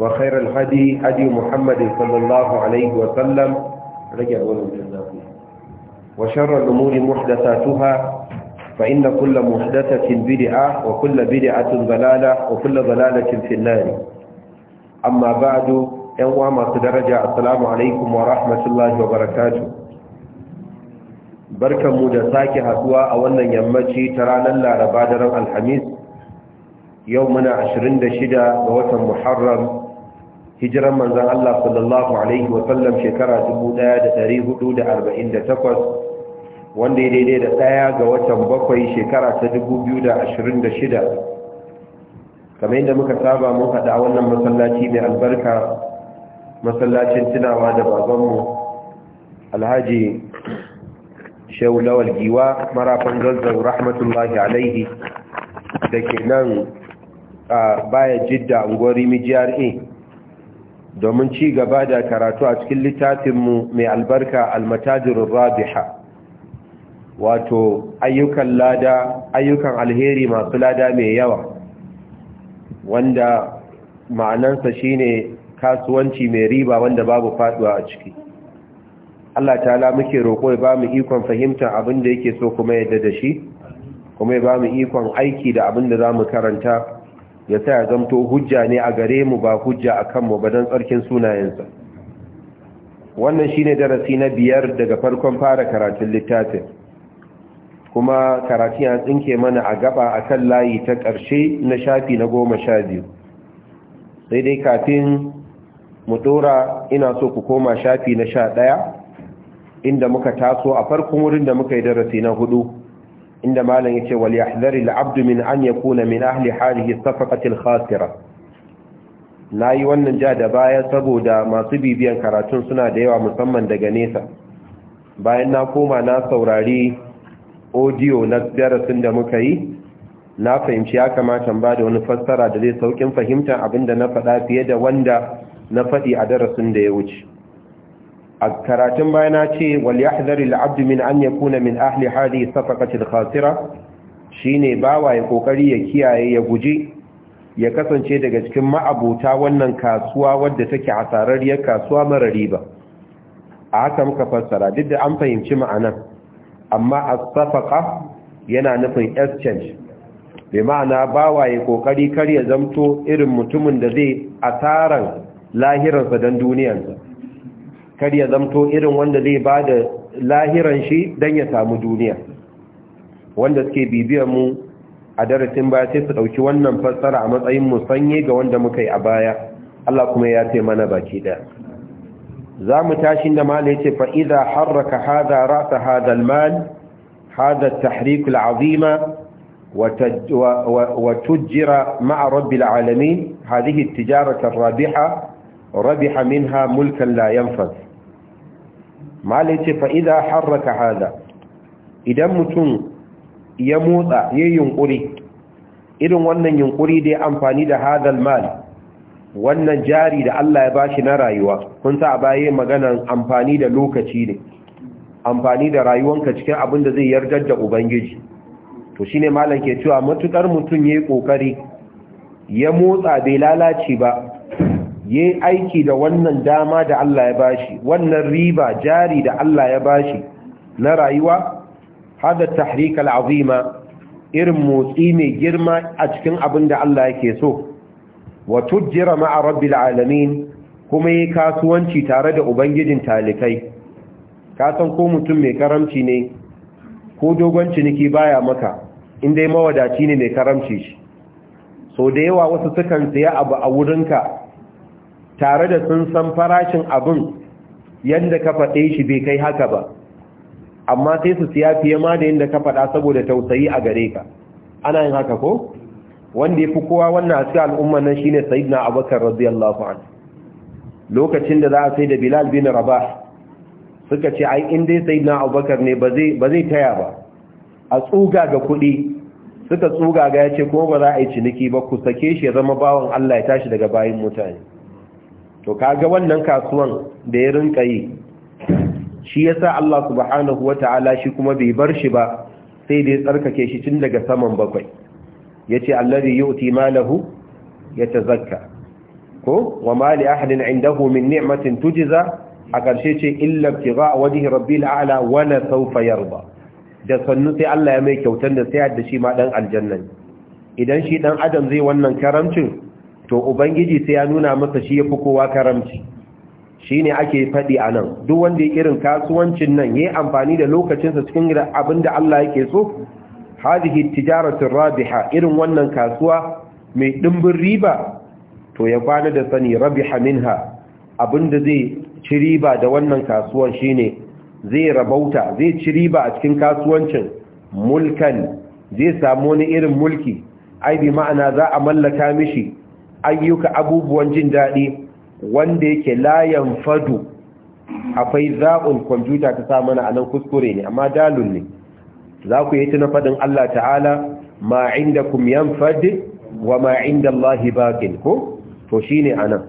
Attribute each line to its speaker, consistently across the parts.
Speaker 1: وخير الهدي هدي محمد صلى الله عليه وسلم رجع وشر الأمور محدثاتها فإن كل محدثة بدعة وكل بدعة ضلالة وكل ضلالة في النار أما بعد يوم درجة السلام عليكم ورحمة الله وبركاته barkanmu da sake haduwa a wannan yammaci ta ranar laraba daren alhamis yau muna 26 ga watan muharram hijiran manzan Allah sallallahu Alaihi wasallam shekara 1448 wanda ya daidai da ɗaya ga watan bakwai shekara ta 2026 kamar yadda muka saba mun haɗa wannan masallaci mai albarka masallacin tunawa da babanmu alhaji shehu lawal giwa marafan zazzau rahmatullahi alaihi da ke nan a baya jidda unguwar rimi gra domin ci gaba da karatu a cikin littafinmu mai albarka almatajirin rabiha wato ayyukan lada ayyukan alheri masu lada mai yawa wanda ma'anansa shine kasuwanci mai riba wanda babu faduwa a ciki Allah ta'ala muke roƙo ya bamu ikon fahimtar abin da yake so kuma yadda da shi kuma ya bamu ikon aiki da abin da zamu karanta ya sa ya zamto hujja ne a gare mu ba hujja a kanmu ba don tsarkin sunayensa wannan shine darasi na biyar daga farkon fara karatun littafin kuma karatu ya tsinke mana a gaba a kan layi ta ƙarshe na shafi na goma sha biyu sai dai kafin mu ɗora ina so ku koma shafi na sha ɗaya inda muka taso a farkon wurin da muka yi darasi na hudu inda malam yace wal yahdhari al abdu min an yakuna min ahli halihi safaqati al khasira nayi wannan ja da baya saboda masu bibiyan karatun suna da yawa musamman daga nesa bayan na koma na saurari audio na darasin da muka yi na fahimci ya kamata ba da wani fassara da zai saukin fahimtar abin da na faɗa fiye da wanda na faɗi a darasin da ya wuce a karatun bayana ce wal yahdharil abdu min an yakuna min ahli hadhihi safaqatil khasira shine bawa ya kokari ya kiyaye ya guji ya kasance daga cikin ma'abuta wannan kasuwa wadda take asararriyar kasuwa mara riba a haka muka fassara duk da an fahimci ma'anan amma a safaqa yana nufin exchange bai ma'ana bawa ya kokari kar ya zamto irin mutumin da zai asaran lahiransa don duniyarsa kar ya zamto irin wanda zai ba da lahiran shi don ya samu duniya wanda suke bibiyar mu a darasin baya sai su ɗauki wannan fassara a matsayin musanye ga wanda muka yi a baya Allah kuma ya ce mana baki ɗaya za mu tashi da mala ya ce fa'iza harraka haza rasa hazal mal haza tahrikul azima وتجر مع رب العالمين هذه التجارة rabiha rabiha منها ملكا لا ينفذ malai ce fa'iza harraka haza idan mutum ya motsa ya yunkuri irin wannan yunkuri da amfani da hadal mali wannan jari da Allah ya bashi na rayuwa kun sa a baya maganan amfani da lokaci ne amfani da rayuwanka cikin abin da zai yarda da ubangiji to shine malam ke cewa matukar mutum yayi kokari ya motsa bai lalace ba yi aiki da wannan dama da Allah ya bashi wannan riba jari da Allah ya bashi na rayuwa hada tahrika al'azima irin motsi mai girma a cikin abin da Allah yake so wa a ma'a rabbil alamin kuma yi kasuwanci tare da ubangijin talikai ka san ko mutum mai karamci ne ko dogon ciniki baya maka inda mawadaci ne mai karamci shi so da yawa wasu sukan siya abu a wurinka tare da sun san farashin abin yadda ka faɗe shi bai kai haka ba amma sai su siya fiye ma da yadda ka faɗa saboda tausayi a gare ka ana yin haka ko wanda ya fi kowa wannan a al'umma nan shine sayyidina abubakar radiyallahu an lokacin da za a sai da bilal bin rabah suka ce ai in dai sayyidina abubakar ne ba zai taya ba a tsuga ga kuɗi suka tsuga ga ya ce ko ba za a yi ciniki ba ku sake shi ya zama bawan Allah ya tashi daga bayan mutane to kaga wannan kasuwan da ya rinka yi shi yasa Allah subhanahu wata'ala shi kuma bai bar shi ba sai da ya tsarkake shi tun daga saman bakwai yace allazi yu'ti malahu yatazakka ko wa mali ahadin indahu min ni'matin tujza a karshe ce illa ibtigha wajhi rabbil a'la wa la sawfa yarda da sannu sai Allah ya mai kyautar da sai da shi ma dan aljanna idan shi dan adam zai wannan karamcin to ubangiji sai ya nuna masa shi ya fi kowa karamci shine ne ake faɗi a nan duk wanda ya irin kasuwancin nan ya amfani da lokacinsa cikin abin da Allah yake so hadihi tijaratun rabiha irin wannan kasuwa mai ɗimbin riba to ya kwana da sani rabiha minha abin da zai ci riba da wannan kasuwan shine, ne zai rabauta zai ci riba a cikin kasuwancin mulkan zai samu wani irin mulki ai bi ma'ana za a mallaka mishi ayyuka abubuwan jin daɗi wanda yake layan fadu akwai zaɓin kwamfuta ta sa mana a nan kuskure ne amma dalun ne za ku yi tuna faɗin Allah ta'ala ma inda kum yan fadi wa ma inda Allah bakin ko to shi ne a nan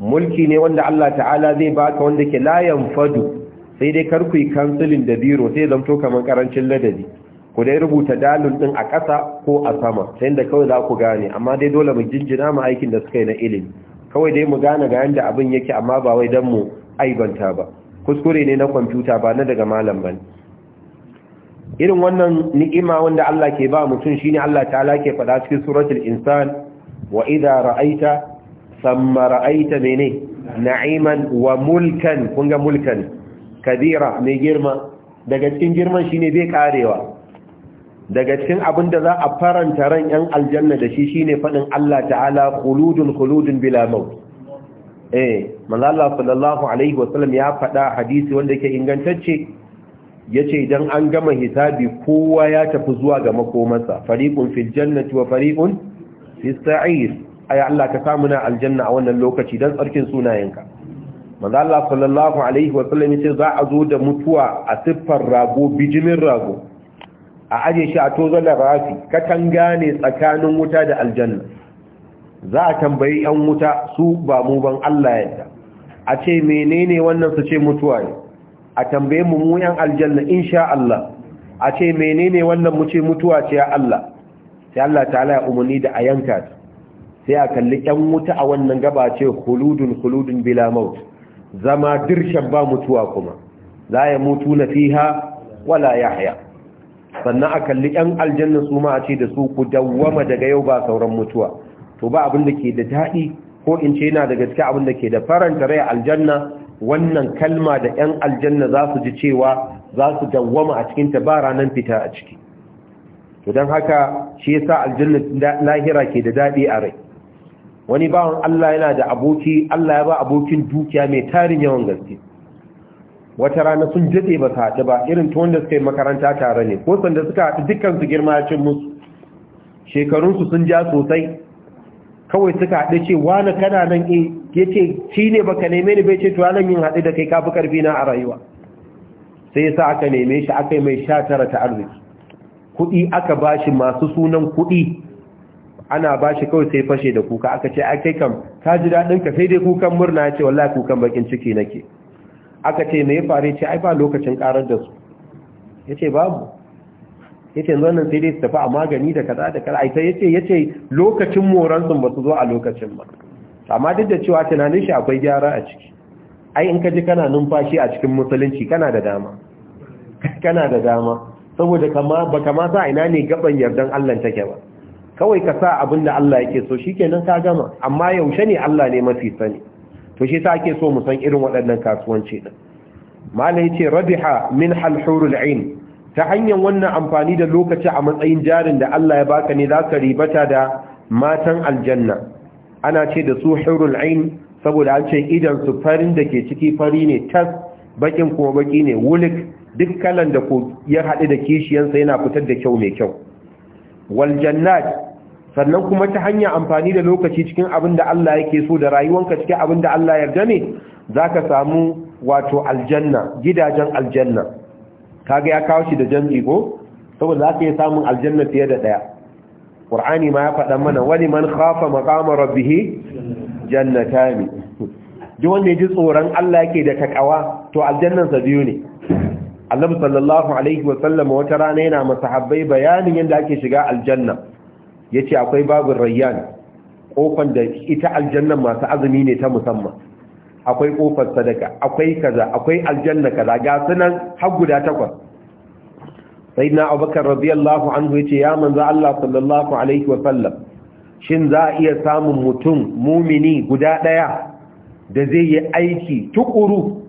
Speaker 1: mulki ne wanda Allah ta'ala zai baka wanda ke layan fadu sai dai karku yi kansulin da biro sai zamto kamar karancin ladabi ku dai rubuta dalil din a ƙasa ko a sama sai da kawai za ku gane amma dai dole mu jinjina mu aikin da suka yi na ilimi kawai dai mu gane ga yadda abin yake amma ba wai dan mu aibanta ba kuskure ne na kwamfuta ba na daga malam ba irin wannan ni'ima wanda Allah ke ba mutum shine Allah ta'ala ke faɗa cikin suratul insan wa idza ra'aita thumma ra'aita mene na'iman wa mulkan kunga mulkan kabira mai girma daga cikin girman shine bai karewa daga cikin abin da za a faranta ran yan aljanna da shi shi ne faɗin Allah ta'ala Kuludun kuludun bila maut eh manzo Allah sallallahu alaihi wasallam ya fada hadisi wanda ke ingantacce ya ce idan an gama hisabi kowa ya tafi zuwa ga makomarsa fariqun fil jannati wa fariqun fis sa'ir ay Allah ka samu na aljanna a wannan lokaci don tsarkin sunayenka manzo Allah sallallahu alaihi wasallam ce za a zo da mutuwa a siffar rago bijimin rago a aje shi a tozo da rafi katanga ne tsakanin wuta da aljanna za a tambayi yan wuta su ba mu ban Allah yadda a ce menene wannan su ce mutuwa ne a tambaye mu mu yan aljanna insha Allah a ce menene wannan mu ce mutuwa ce ya Allah sai Allah ta'ala ya umarni da a yanka ta sai a kalli yan wuta a wannan gaba ce khuludun khuludun bila maut zama dirshan ba mutuwa kuma Za ya mutu na fiha wala yahya sannan a kalli yan aljanna su ma a ce da su ku dawwama daga yau ba sauran mutuwa to ba abin da ke da daɗi ko in ce yana da gaske abin da ke da faranta rai aljanna wannan kalma da yan aljanna za su ji cewa za su dawwama a cikinta, ba ranar fita a ciki to don haka shi sa aljanna lahira ke da daɗi a rai wani bawan Allah yana da aboki Allah ya ba abokin dukiya mai tarin yawan gaske wata rana sun jade ba su haɗu ba irin ta wanda suka yi makaranta tare ne ko sanda suka haɗu dukkansu girma cin musu shekarunsu sun ja sosai kawai suka haɗu ce wani kana nan eh, ya ce shi ne ba ka neme ni bai ce tuwa nan yin haɗu da kai kafi ƙarfi na a rayuwa sai yasa aka neme shi aka yi mai sha tara ta arziki kuɗi aka ba shi masu sunan kuɗi ana ba shi kawai sai fashe da kuka aka ce a kai kam ka ji daɗin ka sai dai kukan murna ya ce wallahi kukan bakin ciki nake aka ce me ya fare ce ai ba lokacin karar da su yace babu yace yanzu wannan sai dai su tafi a magani da kaza da kaza ai sai yace yace lokacin moran sun ba su zo a lokacin ba amma duk da cewa tunanin shi akwai gyara a ciki ai in ka ji kana numfashi a cikin musulunci kana da dama kana da dama saboda kama ba kama sa ina ne gaban yardan Allah take ba kawai ka sa abin da Allah yake so shikenan ka gama amma yaushe ne Allah ne mafi sani to shi sa ake so mu san irin waɗannan kasuwanci din malai ce rabiha min halhurul ain ta hanyar wannan amfani da lokaci a matsayin jarin da Allah ya baka ne zaka ribata da matan aljanna ana ce da su hurul ain saboda an ce idan su farin da ke ciki fari ne tas bakin kuma baki ne wulik duk kalan da ko ya haɗu da kishiyansa yana fitar da kyau mai kyau wal jannat sannan kuma ta hanyar amfani da lokaci cikin abin da Allah yake so da rayuwanka cikin abin da Allah yarda ne ka samu wato aljanna gidajen aljanna kaga ya kawo shi da jam'i ko saboda ka yi samun aljanna fiye da ɗaya? qur'ani ma ya faɗa mana wani man khafa maqama rabbih jannatani duk wanda ya ji tsoron Allah yake da takawa to aljannansa biyu ne Allah sallallahu alaihi wa sallam wata rana yana masahabbai bayanin yadda ake shiga aljanna yace akwai babin rayyan kofan da ita aljanna masu azumi ne ta musamman akwai kofar sadaka akwai kaza akwai aljanna kaza ga sunan har guda takwas na abubakar radiyallahu anhu yace ya manzo Allah sallallahu alaihi wa sallam shin za a iya samun mutum mumini guda daya da zai yi aiki tukuru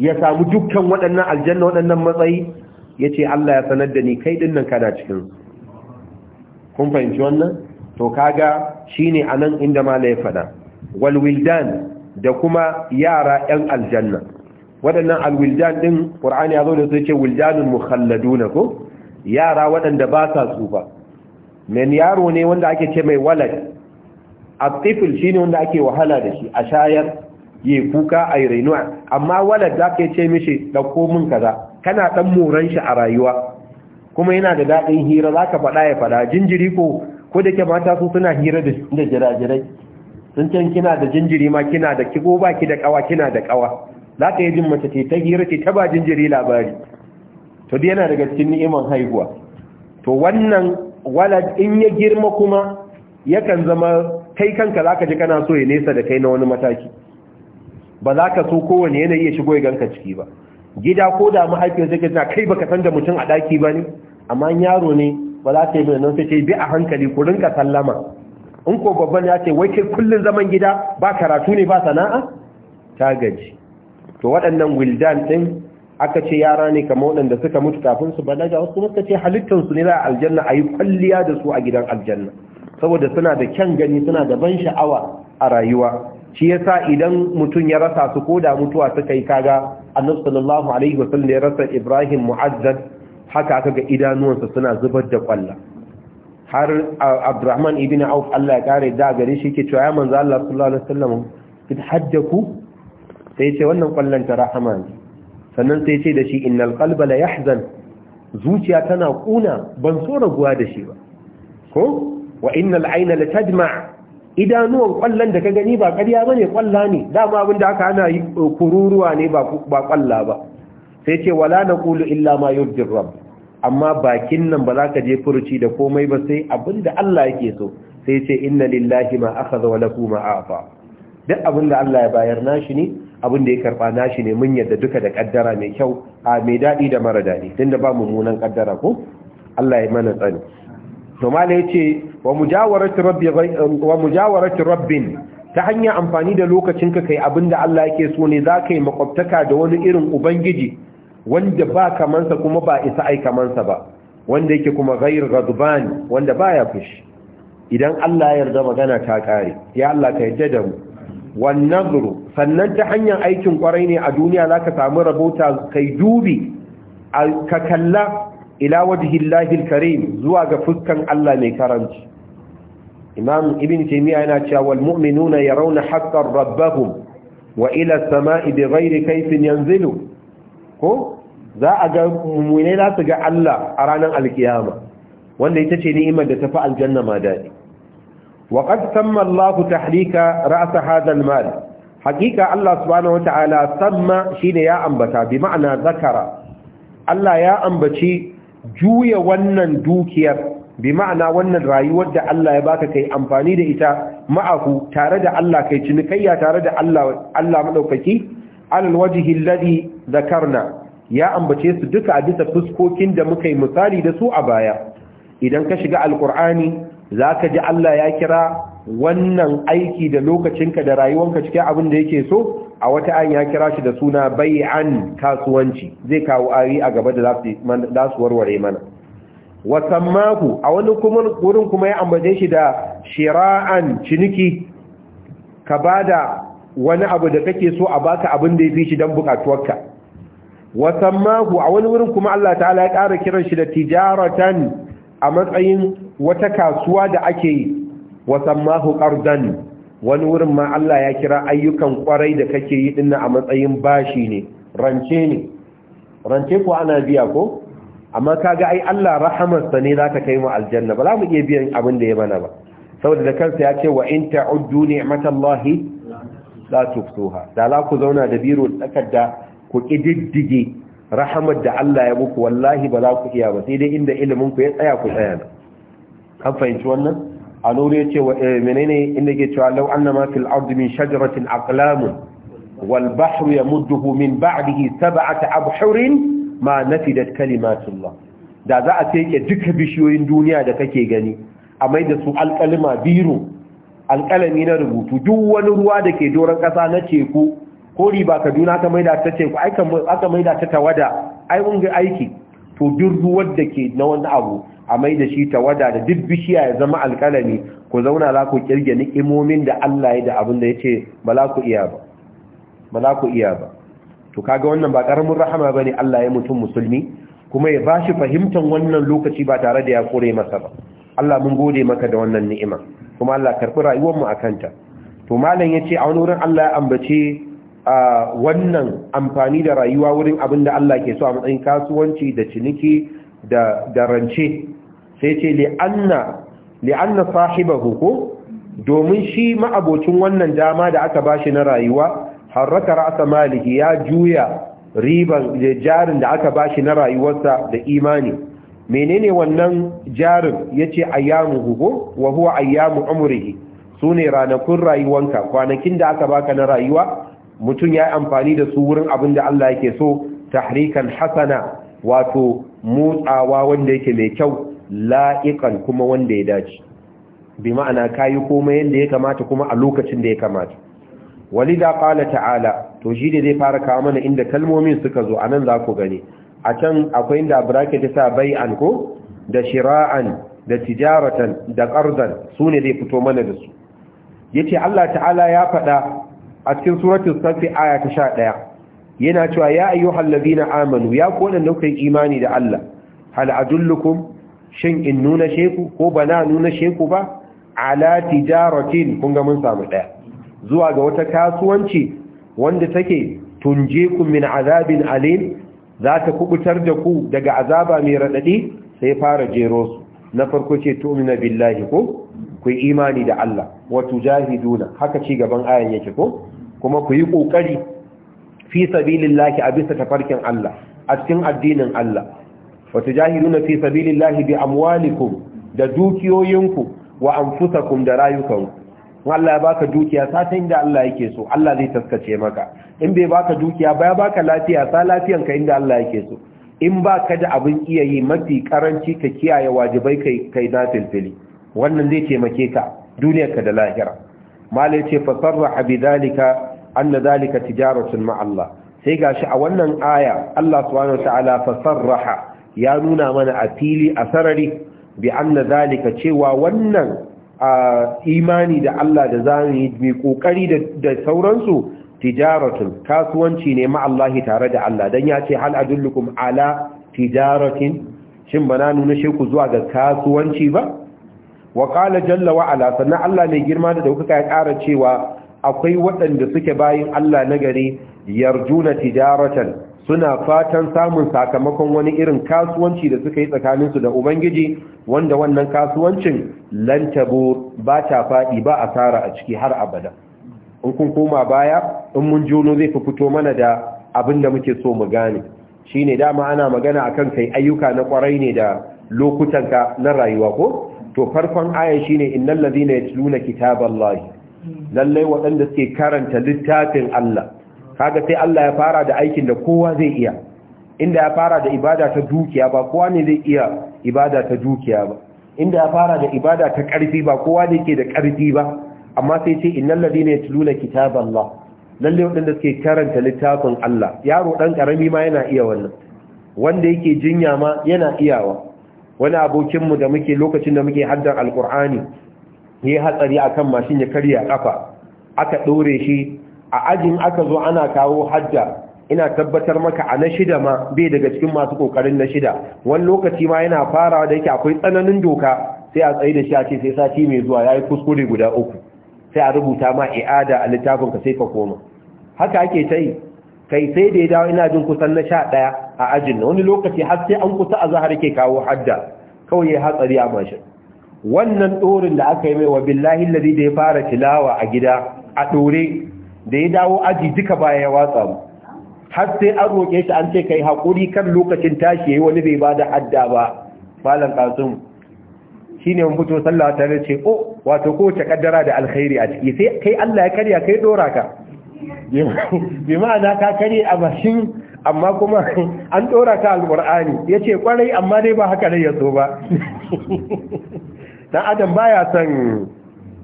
Speaker 1: ya samu dukkan waɗannan aljanna waɗannan matsayi yace Allah ya sanar da ni kai dinnan kana cikin su kun fahimci wannan to kaga shine anan inda mala ya fada wal wildan da kuma yara yan aljanna waɗannan alwildan din qur'ani ya zo da su yace wildanul mukhalladuna ko yara waɗanda ba sa tsufa men yaro ne wanda ake ce mai walad at-tifl shine wanda ake wahala da shi a shayar yi kuka a amma walad da ka ce mishi dauko min kaza kana ɗan moran shi a rayuwa kuma yana da daɗin hira za ka faɗa ya faɗa jinjiri ko ko da ke mata su suna hira da jirajirai sun can kina da jinjiri ma kina da kigo ba ki da kawa kina da kawa za ka yi jin mace ce ta hira ce ta ba jinjiri labari to dai yana daga cikin ni'iman haihuwa to wannan walad in ya girma kuma yakan zama kai kanka za ka ji kana so ya nesa da kai na wani mataki ba za ka so kowane yanayi ya shigo ya ganka ciki ba gida ko da mahaifiyar zai na kai baka san da mutum a daki ba ne amma yaro ne ba za ta yi mai nan sai ce bi a hankali ku rinka sallama in ko babban ya ce wai kai kullun zaman gida ba karatu ne ba sana'a ta gaji to waɗannan wildan ɗin aka ce yara ne kamar waɗanda suka mutu kafin su balaga wasu suka ce halittar su ne za a aljanna a yi kwalliya da su a gidan aljanna saboda suna da kyan gani suna da ban sha'awa a rayuwa shi yasa idan mutum ya rasa su ko da mutuwa suka yi kaga annabi sallallahu alaihi wa sallam ya rasa Ibrahim mu'azzab haka aka ga idanuwansa suna zubar da kwalla har Abdurrahman ibn Auf Allah ya kare da gare shi yake cewa ya manzo Allah sallallahu alaihi wasallam kid hajjaku sai yace wannan kwallon ta rahama ne sannan sai yace da shi innal qalba la yahzan zuciya tana kuna ban so raguwa da shi ba ko wa innal ayna la tajma' idanuwan kwallon da ka gani ba ƙarya ba ne kwalla ne dama abin da aka ana eh, kururuwa ne ba kwalla ba sai ce wala na kulu illa ma yurjin rab amma bakin nan ba za ka je furuci da komai ba sai abin da Allah yake so sai ce inna lillahi ma zo wala kuma ma fa. duk abin Allah ya bayar nashi ne abin da ya karɓa nashi ne mun yadda duka da kaddara mai kyau a mai daɗi da mara daɗi tunda ba mummunan ƙaddara ko Allah ya mana tsani to ya ce, wa mujawarati wa ta hanyar amfani da lokacin ka kai abinda Allah yake so ne zaka yi makwabtaka da wani irin ubangiji wanda ba kamansa kuma ba isa ai kamansa ba wanda yake kuma ghair ghadban wanda ya fushi idan Allah ya yarda magana ta kare ya Allah ka yarda da mu Wannan nazru sannan ta hanyar aikin kwarai ne a duniya zaka samu rabota kai dubi ka kalla ila wajhillahi alkarim zuwa ga fuskan Allah mai karanci imam ibn taymiya yana cewa wal mu'minuna yarawna haqqan rabbahum wa ila as-sama'i bighairi kayfin yanzilu ko za a ga mu'mine za su ga Allah a ranar alkiyama wanda ita ce ni'imar da tafi aljanna ma dadi wa qad samma Allahu tahlika ra's hadha al-mal haqiqa Allah subhanahu wa ta'ala samma shine ya ambata bi ma'ana zakara Allah ya ambaci juya wannan dukiyar bi ma'ana wannan rayuwar da Allah ya baka kai amfani da ita ma'ahu tare da Allah kai cinikayya tare da Allah Allah madaukaki alal wajhi alladhi zakarna ya ambace su duka a bisa fuskokin da muka yi misali da su a baya idan ka shiga alqur'ani zaka ji Allah ya kira wannan aiki da lokacinka da rayuwanka cikin abin da yake so a wata an ya kira shi da suna bai an kasuwanci zai kawo ari a gaba da za su warware mana wasammahu a wani wurin kuma ya ambace shi da shira'an ciniki ka ba da wani abu da kake so a baka abin da ya fi shi don bukatuwarka wasammahu a wani wurin kuma Allah ta'ala ya ƙara kiran shi da tijaratan a matsayin wata kasuwa da ake yi wasammahu ƙarzan wani wurin ma Allah ya kira ayyukan kwarai da kake yi dinna a matsayin bashi ne rance ne rance ko ana biya ko amma kaga ai Allah rahamarsa ne za ka kai mu aljanna ba za mu iya biyan abin da ya bana ba saboda da kansa ya ce wa in ta'uddu ni'matallahi la tuftuha da la ku zauna da biro da ku kididdige rahamar da Allah ya muku wallahi ba za ku iya ba sai dai inda ilimin ku ya tsaya ku tsaya an fahimci wannan a ya ce wa eh, menene inda ke cewa lau annama fil ardi min shajaratin aqlamun wal bahru yamudduhu min ba'dihi sab'ata abhurin ma nafidat kalimatullah da za a teke duka bishiyoyin duniya da kake gani a mai da su alƙalima biro alƙalami na rubutu duk wani ruwa da ke doron ƙasa na ceku, ko riba kaduna ta maida ta teku aka maida ta tawada ai mun ga aiki to duk ruwa da ke na wani abu a mai da shi wada da duk bishiya ya zama alkalami ku zauna za ku kirge ni'imomin da Allah ya da abin da ya ce ba za ku iya ba ba za ku iya ba to kaga wannan ba karamin rahama ne Allah ya mutum musulmi kuma ya bashi fahimtar wannan lokaci ba tare da ya kore masa ba Allah mun gode maka da wannan ni'ima kuma Allah karɓi rayuwar mu kanta. to malam ya ce a wani wurin Allah ya ambace wannan amfani da rayuwa wurin abin da Allah ke so a matsayin kasuwanci da ciniki da rance sai ce li'anna sahibahu ko domin shi ma'abocin wannan dama da aka bashi na rayuwa harraka ra'asa maliki ya juya riban jarin da aka bashi na rayuwarsa da imani menene wannan jarin yace ayyamu ko wa huwa ayyamu umrihi sune ranakun rayuwanka kwanakin da aka baka na rayuwa mutum yayi amfani da su wurin abin da Allah yake so tahrikan hasana wato motsawa wanda yake mai kyau La'ikan kuma wanda ya dace bi ma'ana kayi komai yanda ya kamata kuma a lokacin da ya kamata walida qala ta'ala to shi da zai fara kawo mana inda kalmomin suka zo anan za ku gani a can akwai inda bracket ta sa bai'an ko da shira'an da tijaratan da qardan ne zai fito mana da su yace Allah ta'ala ya faɗa a cikin suratul safi aya ta 11 yana cewa ya ayyuhal ladina amanu ya ko da kuka imani da Allah hal adullukum shin in nuna sheku ko ba na nuna sheku ba ala tijaratin kun ga mun samu daya zuwa ga wata kasuwanci wanda take tunje ku min azabin alim za ta kubutar da ku daga azaba mai radadi sai fara jero su na farko ce tu'minu billahi ko ku imani da Allah wa tujahiduna haka ci gaban ayan yake ko kuma ku yi kokari fi sabilillahi a bisa tafarkin Allah a cikin addinin Allah wa tujahiduna fi sabilillahi bi da dukiyoyinku wa anfusakum da rayukanku Allah ya baka dukiya sata inda Allah yake so Allah zai taskace maka in bai baka dukiya ba ya baka lafiya sa lafiyan ka inda Allah yake so in baka da abin iya yi mafi karanci ka kiyaye wajibai kai kai na filfili wannan zai taimake ka duniyar ka da lahira malai ce fa sarraha bi dalika anna dalika tijaratun ma Allah sai gashi a wannan aya Allah subhanahu wa ta'ala fa sarraha ya nuna mana a fili a sarari bi anna zalika cewa wannan imani da Allah da za mu yi mai kokari da sauransu tijaratun kasuwanci ne ma'allahi, tare da Allah dan ya ce hal adullukum ala tijaratun shin na nuna sheku zuwa ga kasuwanci ba wa kala jalla wa ala sannan Allah mai girma da daukaka ya kara cewa akwai waɗanda suke bayin Allah nagari yarjuna tijaratan suna fatan samun sakamakon wani irin kasuwanci da suka yi tsakaninsu da ubangiji wanda wannan kasuwancin lantabo ba ta faɗi ba asara a ciki har abada in kun koma baya in mun juno zai fi fito mana da abin da muke so mu gane shine dama ana magana akan kai ayyuka na kwarai ne da lokutanka na rayuwa ko to farkon ayan shine innal ladina yatluna kitaballahi lallai waɗanda suke karanta littafin Allah kaga sai Allah ya fara da aikin da kowa zai iya inda ya fara da ibada ta dukiya ba kowa ne zai iya ibada ta dukiya ba inda ya fara da ibada ta ƙarfi ba kowa ne ke da ƙarfi ba amma sai ce innal ladina yatluna kitaballah lalle waɗanda suke karanta littafin Allah yaro dan karami ma yana iya wannan wanda yake jinya ma yana iyawa wani abokin mu da muke lokacin da muke haddan alqur'ani yayi hatsari akan mashin ya karya kafa aka dore shi a ajin aka zo ana kawo hajja ina tabbatar maka a na shida ma bai daga cikin masu kokarin na shida wani lokaci ma yana farawa da yake akwai tsananin doka sai a tsaye da shi a ce sai sati mai zuwa ya yi kuskure guda uku sai a rubuta ma i'ada a littafin ka sai ka koma haka ake ta yi kai sai da ya dawo ina jin kusan na sha ɗaya a ajin wani lokaci har sai an kusa a zahar ke kawo hadda kawai ya hatsari a mashin wannan ɗorin da aka yi mai wa billahi ladi da ya fara tilawa a gida a ɗore da ya dawo aji duka baya ya watsa mu har sai an roƙe shi an ce kai haƙuri kan lokacin tashi yayi wani bai bada adda ba malam kasum shine mun fito sallah ta ce oh wato ko ta kaddara da alkhairi a ciki sai kai Allah ya karya kai dora ka bi ma'ana ka kare a bashin amma kuma an dora ka alqur'ani yace kwarai amma dai ba haka ne ya so ba dan adam baya son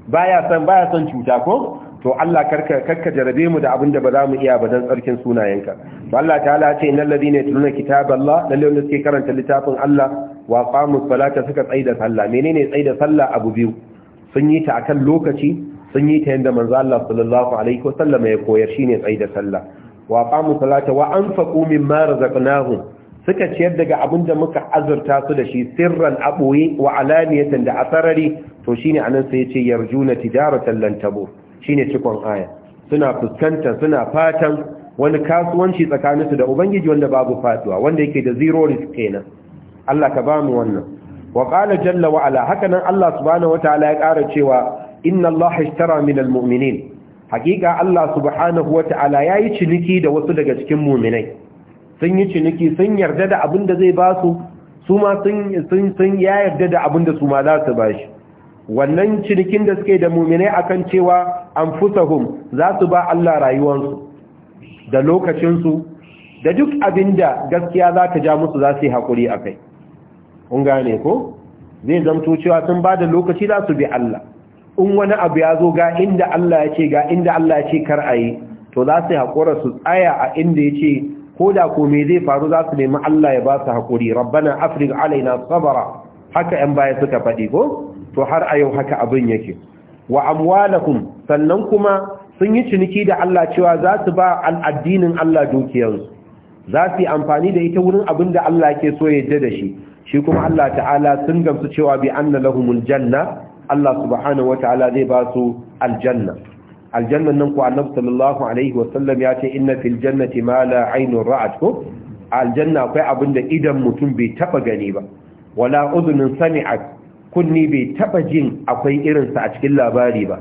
Speaker 1: baya son baya son cuta ko to Allah karka karka jarabe mu da abin da ba za mu iya ba dan tsarkin sunayenka to Allah ta'ala ce innal ladina yatluna kitaballah lalle wanda suke karanta littafin Allah wa qamu salata suka tsaida sallah menene tsaida sallah abu biyu sun yi ta akan lokaci sun yi ta yanda manzo Allah sallallahu alaihi wasallam ya koyar shine tsaida sallah wa qamu salata wa anfaqu mimma razaqnahum suka ciyar daga abin da muka azurta su da shi sirran aboye wa alaniyatan da asarari to shine anan sai yace yarjuna tijaratan lan tabur shine cikon aya suna fuskanta suna fatan wani kasuwanci tsakaninsu da ubangiji wanda babu faduwa wanda yake da zero risk kenan Allah ka bamu wannan wa qala jalla wa ala hakanan Allah subhanahu wataala ya ƙara cewa inna Allah ishtara min almu'minin hakika Allah subhanahu wataala yayi ciniki da wasu daga cikin mu'minai sun yi ciniki sun yarda da abin da zai basu su ma sun sun ya yarda da abin da su ma za su bashi wannan cinikin da suke da muminai akan cewa an fusahun za su ba Allah rayuwansu da lokacinsu da duk abinda gaskiya za ta ja musu za su yi a akai un gane ko zai zamto cewa sun ba da lokaci za su bi Allah in wani abu ya zo ga inda Allah ya ce ga inda Allah ya ce kar a yi to za su haƙura su tsaya a inda ya ce ko da ko me zai faru za su nemi Allah ya ba su haƙuri rabbana afirka alaina sabara haka ‘yan baya suka faɗi ko to har a yau haka abin yake wa amwalakum sannan kuma sun yi ciniki da Allah cewa za su ba al'addinin Allah dukiyarsu za su yi amfani da ita wurin abin da Allah ke so yadda da shi shi kuma Allah ta'ala sun gamsu cewa bi anna lahumul janna Allah subhanahu wa ta'ala zai ba su aljanna Aljanna nan ku annabi sallallahu alaihi wa sallam ya ce inna fil jannati ma la aynun ra'at ko aljanna akwai abin da idan mutum bai taba gani ba wala udhunun sami'at kunni bai taba jin akwai irinsa a cikin labari ba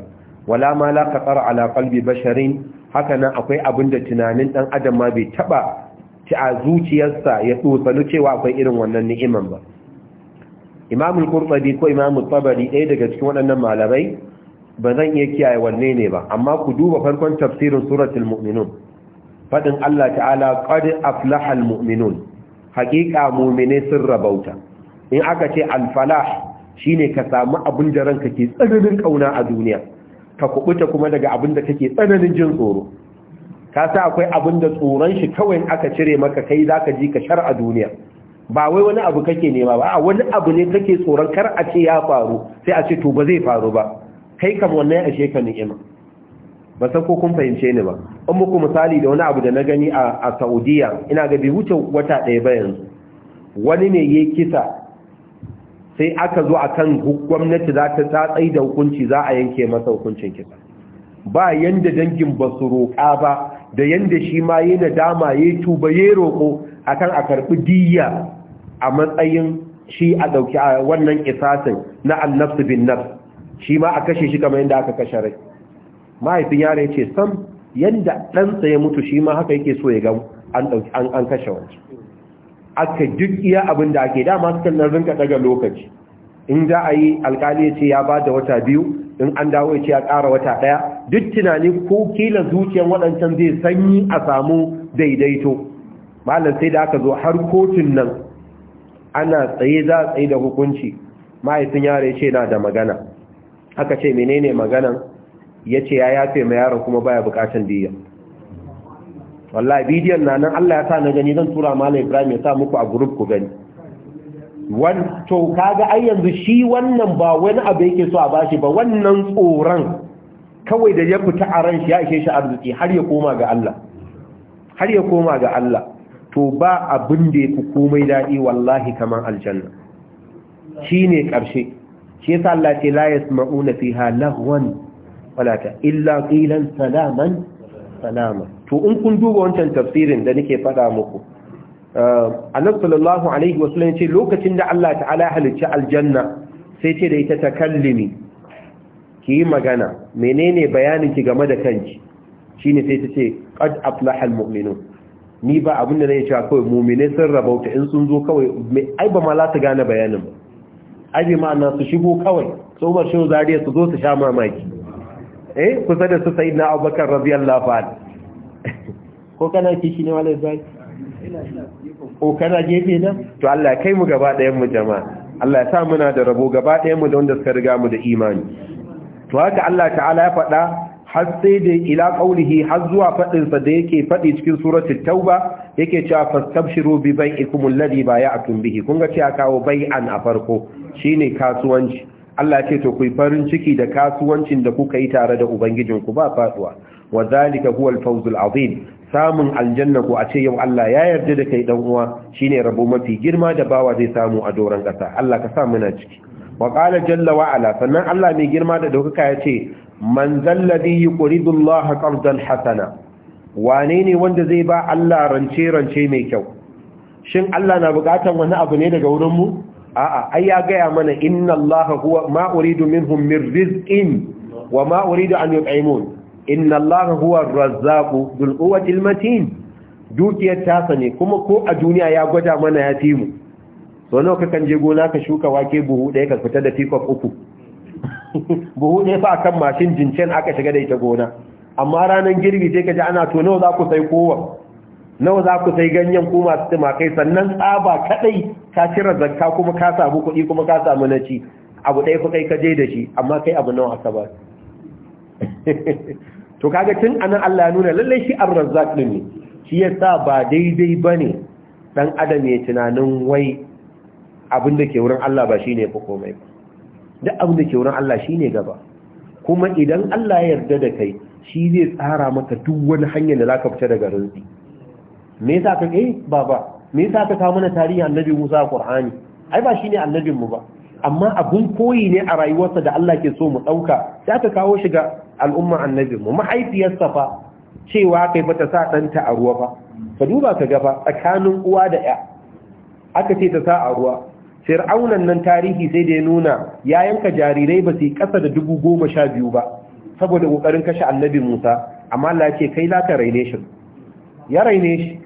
Speaker 1: wala ma la qatar ala qalbi basharin haka nan akwai abin da tunanin dan adam ma bai taba ci a zuciyarsa ya tsotsalo cewa akwai irin wannan ni'iman ba imam al-qurtubi ko imam al-tabari ɗaya daga cikin waɗannan malamai ba zan iya kiyaye wanne ne ba amma ku duba farkon tafsirin suratul mu'minun fadin Allah ta'ala qad aflaha al-mu'minun haqiqa mu'mine sun rabauta in aka ce al-falah Shi ne ka samu abin da ranka ke tsananin ƙauna a duniya ka kubuta kuma daga abin da kake tsananin jin tsoro ka sa akwai abin da tsoron shi kawai aka cire maka kai ka ji ka shar a duniya ba wai wani abu kake nema ba a wani abu ne kake tsoron kar a ce ya faru sai a ce to ba zai faru ba kai kam wannan ashe ka ni'ima ba san ko kun fahimce ni ba in muku misali da wani abu da na gani a Saudiya ina ga bai wuce wata ɗaya ba yanzu wani ne yayi kisa sai aka zo akan gwamnati za ta tsatsai da hukunci za a yanke masa hukuncin kisa ba yanda dangin ba su roƙa ba da yanda shi ma yi nadama ya tuba ya roƙo akan a karɓi diyya a matsayin shi a ɗauki a wannan isasin na annabsu bin naf shi ma a kashe shi kamar yadda aka kashe rai mahaifin yare ce sam yanda ɗansa ya mutu shi ma haka yake so ya ɗauki an kashe wancan aka duk iya abin da ake dama su kan rinka daga lokaci in za a yi alkali ya ce ya ba da wata biyu in an dawo ya ce ya ƙara wata ɗaya duk tunani ko kila zuciyar waɗancan zai sanyi a samu daidaito malam sai da aka zo har kotun nan ana tsaye za a tsaye da hukunci mahaifin yare ya ce na da magana aka ce menene maganan ya ce ya yafe ma yaron kuma baya bukatan diya wallahi bidiyon na nan Allah ya sa na gani zan tura malam Ibrahim ya sa muku a group ku gani wan to kaga ai yanzu shi wannan ba wani abu yake so a bashi ba wannan tsoron kawai da ya fita a ran shi ya ishe shi arziki har ya koma ga Allah har ya koma ga Allah to ba abin da yafi komai dadi wallahi kaman aljanna shine karshe shi yasa Allah ce la yasma'una fiha lahwan wala ta illa qilan salaman salama to in kun duba wancan tafsirin da nake faɗa muku uh, annabi sallallahu alaihi wasallam ce lokacin da Allah ta'ala ya halicci aljanna sai ce da ita takallimi ki yi magana menene bayanin ki game da kanki shine sai ta ce qad aflaha almu'minun ni ba abin da zai cewa kawai mu'mine sun rabauta in sun zo kawai ai ba ma za ta gane bayanin ba ai ma'ana su shigo kawai tsomar shi zariya su zo su sha mamaki eh kusa da su sayyidina abubakar radiyallahu anhu ko kana kishi ne wala zai ko kana gefe nan? to Allah kai mu gaba ɗayan mu jama'a Allah ya sa muna da rabo gaba ɗayan mu da wanda suka riga mu da imani to haka Allah ta'ala ya faɗa har sai da ila qaulihi har zuwa fadin sa da yake fadi cikin surati tauba yake cewa fastabshiru bi bai'ikum alladhi bay'atum bihi kun ga cewa kawo bai'an a farko shine kasuwanci Allah ce to ku yi farin ciki da kasuwancin da kuka yi tare da ubangijinku ba faduwa wa zalika huwa fawzul azim samun aljanna ku a ce yau Allah ya yarda da kai dan uwa shine rabo mafi girma da bawa zai samu a doran kasa Allah ka sa muna ciki wa qala jalla wa ala sannan Allah mai girma da daukaka ya ce man zalladhi yuqridu Allah qardan hasana wane ne wanda zai ba Allah rance rance mai kyau shin Allah na bukatan wani abu ne daga wurin mu a'a ai ya gaya mana inna allaha huwa ma uridu minhum min rizqin wa ma uridu an yut'imun inna allaha huwa ar-razzaqu dhul quwwati al-matin dukiyar tasa ne kuma ko a duniya ya gwada mana ya timu To nawa kakan je gona ka shuka wake buhu ɗaya ka fita da tikof uku buhu ne fa akan mashin jincen aka shiga da ita gona amma ranar girbi sai ka ji ana to nawa za ku sai kowa nawa za ku sai ganyen ku masu tumakai sannan tsaba kadai ka cire zakka kuma ka samu kuɗi kuma ka samu na ci abu ɗaya kuka ka je da shi amma kai abu nawa aka ba to kaga tun anan Allah ya nuna lallai shi ar-razzaq din ne shi yasa ba daidai bane dan adam ya tunanin wai abin da ke wurin Allah ba shine fa komai ba duk abin da ke wurin Allah shine gaba kuma idan Allah ya yarda da kai shi zai tsara maka duk wani hanya da zaka fita daga rinzi me yasa ka eh baba me yasa ka kawo mana tarihin annabi Musa a Qur'ani ai ba shine annabin mu ba amma abun koyi ne a rayuwarsa da Allah ke so mu dauka sai ka kawo shi ga al'umma annabin mu mahaifiyarsa fa cewa kai bata sa danta a ruwa ba ka duba ka ga fa tsakanin uwa da ya aka ce ta sa a ruwa fir'aunan nan tarihi sai da ya nuna ya yanka jarirai ba su kasa da dubu goma sha biyu ba saboda ƙoƙarin kashe annabi musa amma Allah ce kai za ka raine shi ya raine shi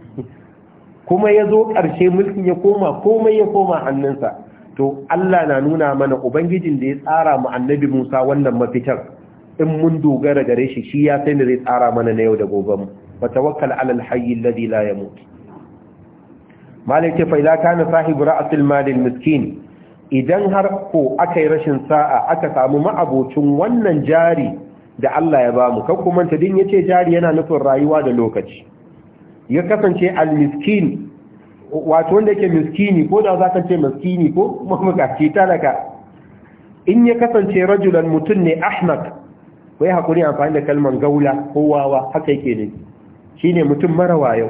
Speaker 1: kuma ya zo ƙarshe mulkin ya koma komai ya koma hannunsa to Allah na nuna mana ubangijin da ya tsara mu annabi Musa wannan mafitar in mun dogara gare shi shi ya sai da zai tsara mana na yau da gobe mu wa tawakkal ala alhayy alladhi la yamut malaka fa idza kana sahibu ra'sil mal miskin idan har ko akai rashin sa'a aka samu ma'abocin wannan jari da Allah ya bamu kan kuma ta din yace jari yana nufin rayuwa da lokaci ya kasance al-miskin wato wanda yake miskini ko da za ka ce miskini ko mamukaci talaka in ya kasance rajulan mutum ne ahmad wai hakuri haƙuri amfani da kalmar gaula ko wawa haka yake ne shi ne mutum mara wayo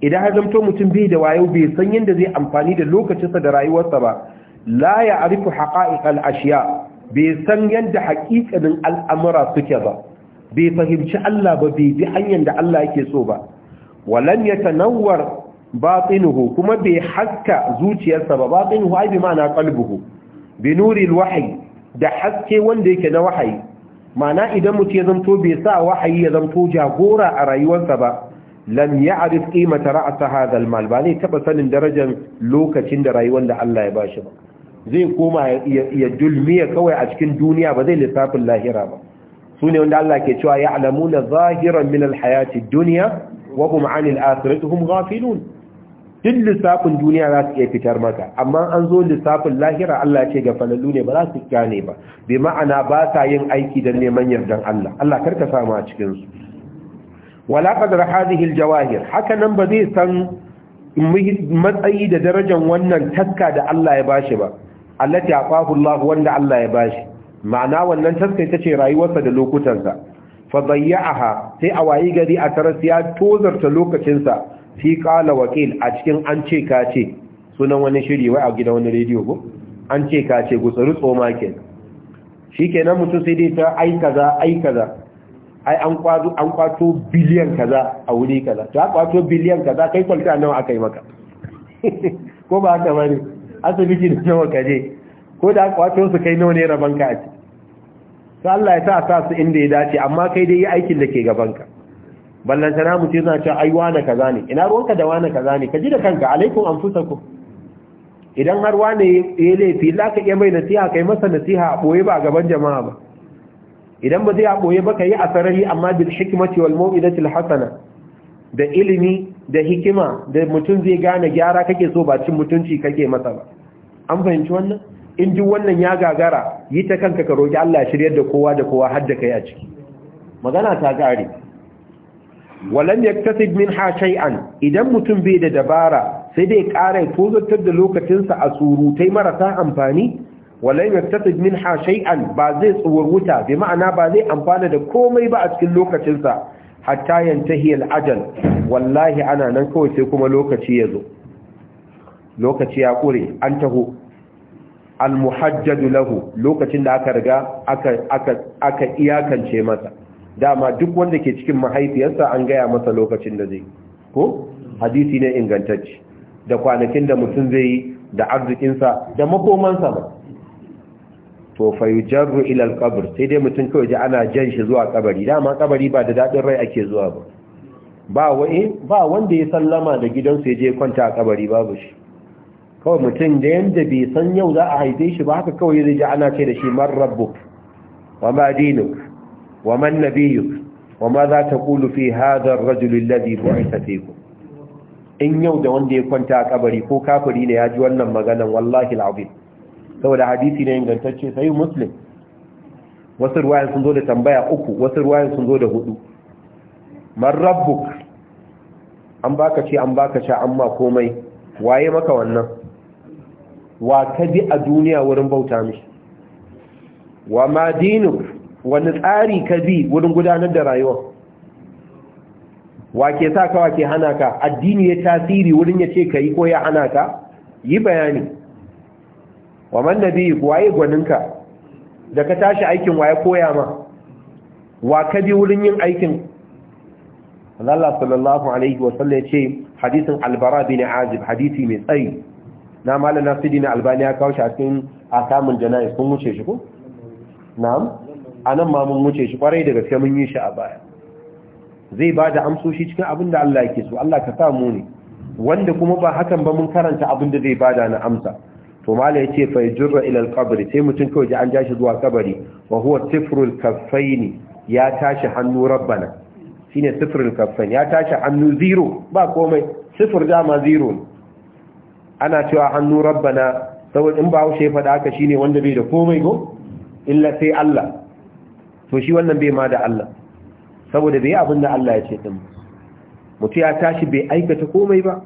Speaker 1: idan har zamto mutum bai da wayo bai san yadda zai amfani da lokacinsa da rayuwarsa ba la ya arifu haƙa'iƙal ashiya bai san yadda haƙiƙanin al'amura suke ba bai fahimci Allah ba bai bi hanyar da Allah yake so ba Walan walam yatanawwar batinuhu kuma bai haska zuciyarsa ba batinuhu ai bi ma'ana qalbuhu bi da haske wanda yake na wahayi mana idan mutum ya zanto bai sa wahayi ya zanto jagora a rayuwarsa ba lam ya'rif qimata ra'sa hadha al-mal ba zai taba sanin darajar lokacin da rayuwar da Allah ya bashi ba zai koma ya dulmiya kawai a cikin duniya ba zai lissafin lahira ba sune wanda Allah ke cewa ya zahiran na al-hayati ad duniya. wa hum anil akhirati hum ghafilun duk lissafin duniya za su iya fitar maka amma an zo lissafin lahira Allah ce ga falalu ne ba za su gane ba bai ma'ana ba sa yin aiki don neman yardan Allah Allah karka samu a cikinsu wala qadar hadhihi aljawahir haka nan ba zai san matsayi da darajar wannan taska da Allah ya bashi ba allati aqahu Allah wanda Allah ya bashi ma'ana wannan taska ita ce rayuwarsa da lokutansa fa dayya'aha sai a wayi gari a taras ya tozarta lokacinsa fi qala wakil a cikin an ce ka ce sunan wani shiri wai a gidan wani rediyo ko an ce ka ce gutsuri tsoma ke kenan mutum sai dai ta ai kaza ai kaza ai an kwazo an kwato biliyan kaza a wuri kaza to a kwato biliyan kaza kai kwalta nawa yi maka ko ba haka bane asibiti da nawa kaje ko da kwato su kai nawa ne rabanka a ciki sa Allah ya sa sa su inda ya dace amma kai dai yi aikin da ke gabanka ballantana mu ce zan ce ai wane kaza ne ina ruwanka da wane kaza ne ka ji da kanka alaikum anfusakum idan har wane ya laifi za ka iya mai nasiha kai masa nasiha a ɓoye ba gaban jama'a ba idan ba zai a ɓoye ba ka yi a sarari amma bil hikimati wal al hasana da ilimi da hikima da mutum zai gane gyara kake so ba cin mutunci kake masa ba an fahimci wannan in ji wannan ya gagara yi ta kanka ka roƙi Allah ya shiryar da kowa da kowa har da kai a ciki magana ta gare walam yaktasib minha shay'an idan mutum bai da dabara sai dai ƙara tozartar da lokacinsa a surutai marasa amfani walam yaktasib minha shay'an ba zai tsuwar wuta bi ma'ana ba zai amfana da komai ba a cikin lokacinsa hatta yantahi al-ajal wallahi ana nan kawai sai kuma lokaci ya zo lokaci ya kure an taho almuhajjadu lahu lokacin da aka riga aka iyakance masa dama duk wanda ke cikin mahaifiyarsa an gaya masa lokacin da zai ko hadisi ne ingantacce da kwanakin da mutum zai yi da arzikinsa da makomansa ba to fa yujarru ila alqabr sai dai mutum kawai ji ana jan shi zuwa kabari dama kabari ba da dadin rai ake zuwa ba ba wai eh, ba wanda ya sallama da gidansa ya je kwanta a kabari babu shi kawai mutum da yadda bai san yau za a haife shi ba haka kawai zai ji ana ce da shi man rabu wa ma dinu wa man nabiyu wa ma za ta kulu fi hadar rajulun a isa teku. in yau da wanda ya kwanta a kabari ko kafiri ne ya ji wannan maganan wallahi la'abin. saboda hadisi ne ingantacce sai muslim wasu ruwayan sun zo da tambaya uku wasu ruwayan sun zo da hudu man rabu an baka ce an baka sha amma komai waye maka wannan wa ka bi a duniya wurin bauta mishi wa ma dinuk wani tsari ka bi wurin gudanar da rayuwa wa ke sa ka wa ke hana ka addini ya tasiri wurin ya ce ka yi ko ya hana ka yi bayani wa man nabi waye gwaninka da ka tashi aikin waye koya ma wa ka bi wurin yin aikin Allah sallallahu alaihi wa sallam ya ce hadisin albara bin azib hadisi mai tsayi na malam nasidi na albani ya kawo shi a cikin akamun janais kun wuce shi ko na'am nan ma mun wuce shi kwarai da gaske mun yi shi a baya zai ba da amsoshi cikin abin da Allah yake so Allah ka sa mu ne wanda kuma ba hakan ba mun karanta abin da zai bada na amsa to ya ce, fa yajra ilal kabari, sai mutun kawai ji an ja shi zuwa kabari wa huwa sifrul kaffaini ya tashi hannu rabbana shine sifrul kafaini. ya tashi hannu zero ba komai sifir dama zero ne ana cewa hannu rabbana saboda in ba haushe faɗa haka ne wanda bai da komai go illa sai Allah to shi wannan bai ma da Allah saboda bai abin da Allah ya ce din mutu ya tashi bai aikata komai ba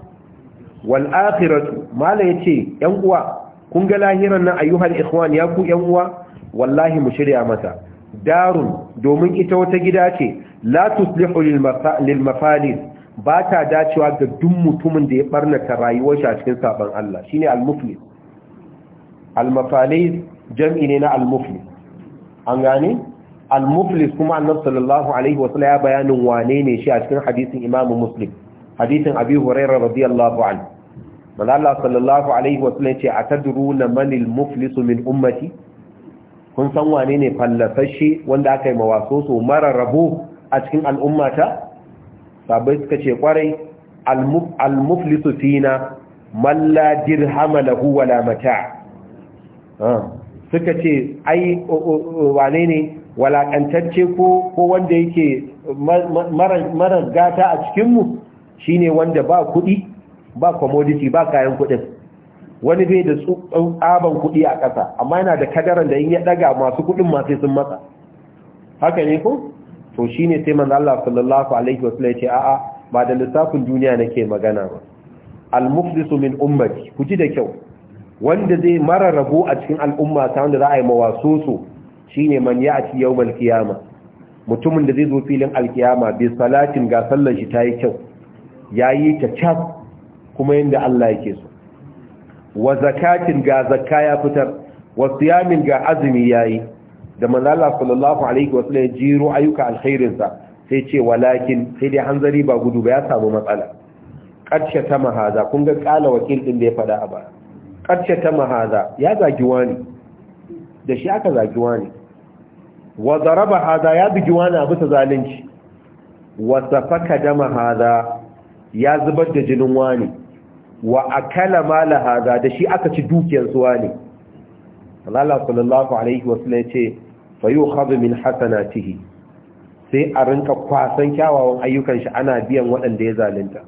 Speaker 1: wal akhiratu mala yace yan uwa kun ga lahiran nan ayyuhal ikhwan ya ku yan uwa wallahi mu shirya mata darun domin ita wata gida ce la tuslihu lil mafalis. ba ta dacewa ga duk mutumin da ya barnata rayuwar shi a cikin saban Allah shine al-muflis al-mafalis jam'i ne na al-muflis an gane al-muflis kuma annabi sallallahu alaihi wa sallam ya bayanin wane ne shi a cikin hadisin Imam Muslim hadisin Abi Hurairah radiyallahu anhu manzo Allah sallallahu alaihi wa wasallam ce atadruna manil muflis min ummati kun san wane ne fallasashe wanda aka yi mawaso so mara rabo a cikin al'ummata sabai suka ce kwarai al fina malla dirhama lahu wala mata suka ce ai wane ne walakantacce ko ko wanda yake marar gata a cikin mu shine wanda ba kuɗi ba commodity ba kayan kuɗin wani bai da tsaban kuɗi a ƙasa amma yana da kadaran da in ya ɗaga masu kuɗin masu sun matsa haka ne ko to ne sai manzo Allah sallallahu alaihi wasallam ce a'a ba da lissafin duniya nake magana ba al-muflisu min ummati ku ji da kyau wanda zai mara rabo a cikin al'umma ta wanda za a yi mawasusu shine man yau mal kiyama mutumin da zai zo filin alkiyama bi salatin ga sallar shi ta yi kyau ya yi ta cas kuma yadda Allah yake so wa zakatin ga zakka ya fitar wa siyamin ga azumi ya yi da manzo Allah sallallahu alaihi wa sallam jiro ayyuka alkhairin sa sai ce walakin sai dai hanzari ba gudu ba ya samu matsala karshe ta mahaza kun ga kala wakil din da ya fada a ba karshe ta mahaza ya zagi wani da shi aka zagi wani wa daraba hada ya bugi wani abu ta zalunci wa safaka da mahaza ya zubar da jinin wani wa akala mala hada da shi aka ci dukiyar su wani Allah sallallahu alaihi wasallam ya ce fa yukhadhu min hasanatihi sai a rinka kwasan kyawawan ayyukan shi ana biyan waɗanda ya zalunta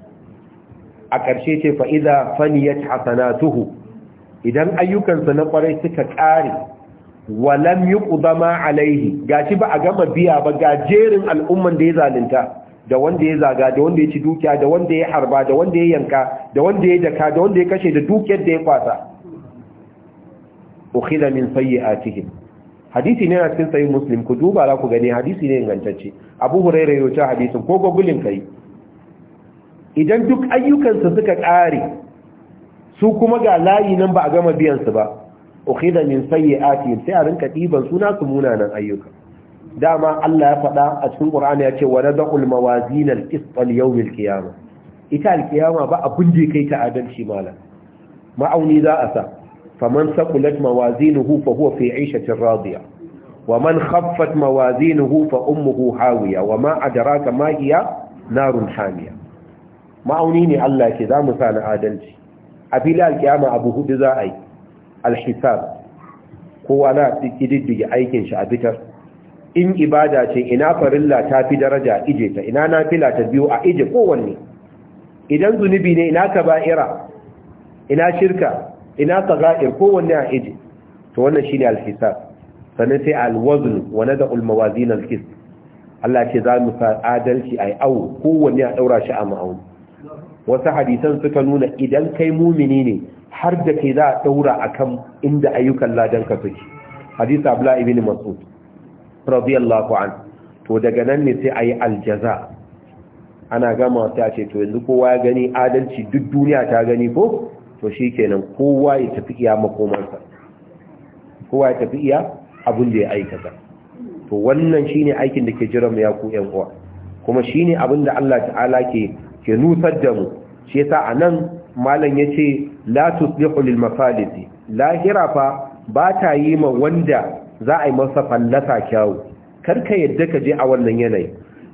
Speaker 1: a ƙarshe ce fa idza faniyat tuhu, idan ayyukansa na ƙwarai suka ƙare walam yuqda ma alaihi gashi ba a gama biya ba ga jerin al'umman da ya zalunta da wanda ya zaga da wanda ya ci dukiya da wanda ya harba da wanda ya yanka da wanda ya daka da wanda ya kashe da dukiyar da ya kwasa ukhidha min sayyi'atihim hadisi ne a cikin sayi muslim ku duba za ku gani hadisi ne ingantacce abu hurairah ya ce hadisin ko gogulin kai idan duk ayyukansa suka ƙare su kuma ga layi nan ba a gama biyan su ba ukhidha min sayyi'atihim sai a rinka diban suna su munanan ayyuka dama Allah ya faɗa a cikin Qur'ani ya ce wa nadul mawazin al-qist al-yawm al-qiyamah ita al qiyamah ba abun da kai ta adalci malam ma'auni za a sa faman sakulat mawazinuhu fa huwa fi 'ishatin radiya wa man khaffat mawazinuhu fa ummuhu hawiya wa ma adraka ma hiya narun hamiya ma'auni ne Allah ke za mu sa na adalci a fili alkiyama abu hudu za a yi alhisab kowa na kididdige aikin shi a bitar. in ibada ce ina farilla ta fi daraja ije ta ina nafila ta biyu a ije kowanne idan zunubi ne ina kaba'ira ina shirka ina sagair kowanne a ije to wannan shine al-hisab sannan sai al-wazn wa nad'u al-mawazin al-qist Allah ce za mu sa adalci ai awu kowanne a daura shi a ma'auni wasu hadisan suka nuna idan kai mumini ne har da kai za a daura akan inda ayyukan ladan ka suke hadisi abla ibn mas'ud radiyallahu anhu to daga nan ne sai ayi aljaza ana gama ta ce to yanzu kowa ya gani adalci duk duniya ta gani ko to shi kenan kowa ya tafi iya makomarsa kowa ya tafi iya abin da ya aikata to wannan shi ne aikin da ke jiran ya ku yan uwa kuma shine abin da Allah ta'ala ke ke nusar da mu shi yasa nan, malam yace la tuslihu lil mafalisi lahira fa ba ta yi ma wanda za a yi masa fallasa kyawu ka yadda ka je a wannan yanayi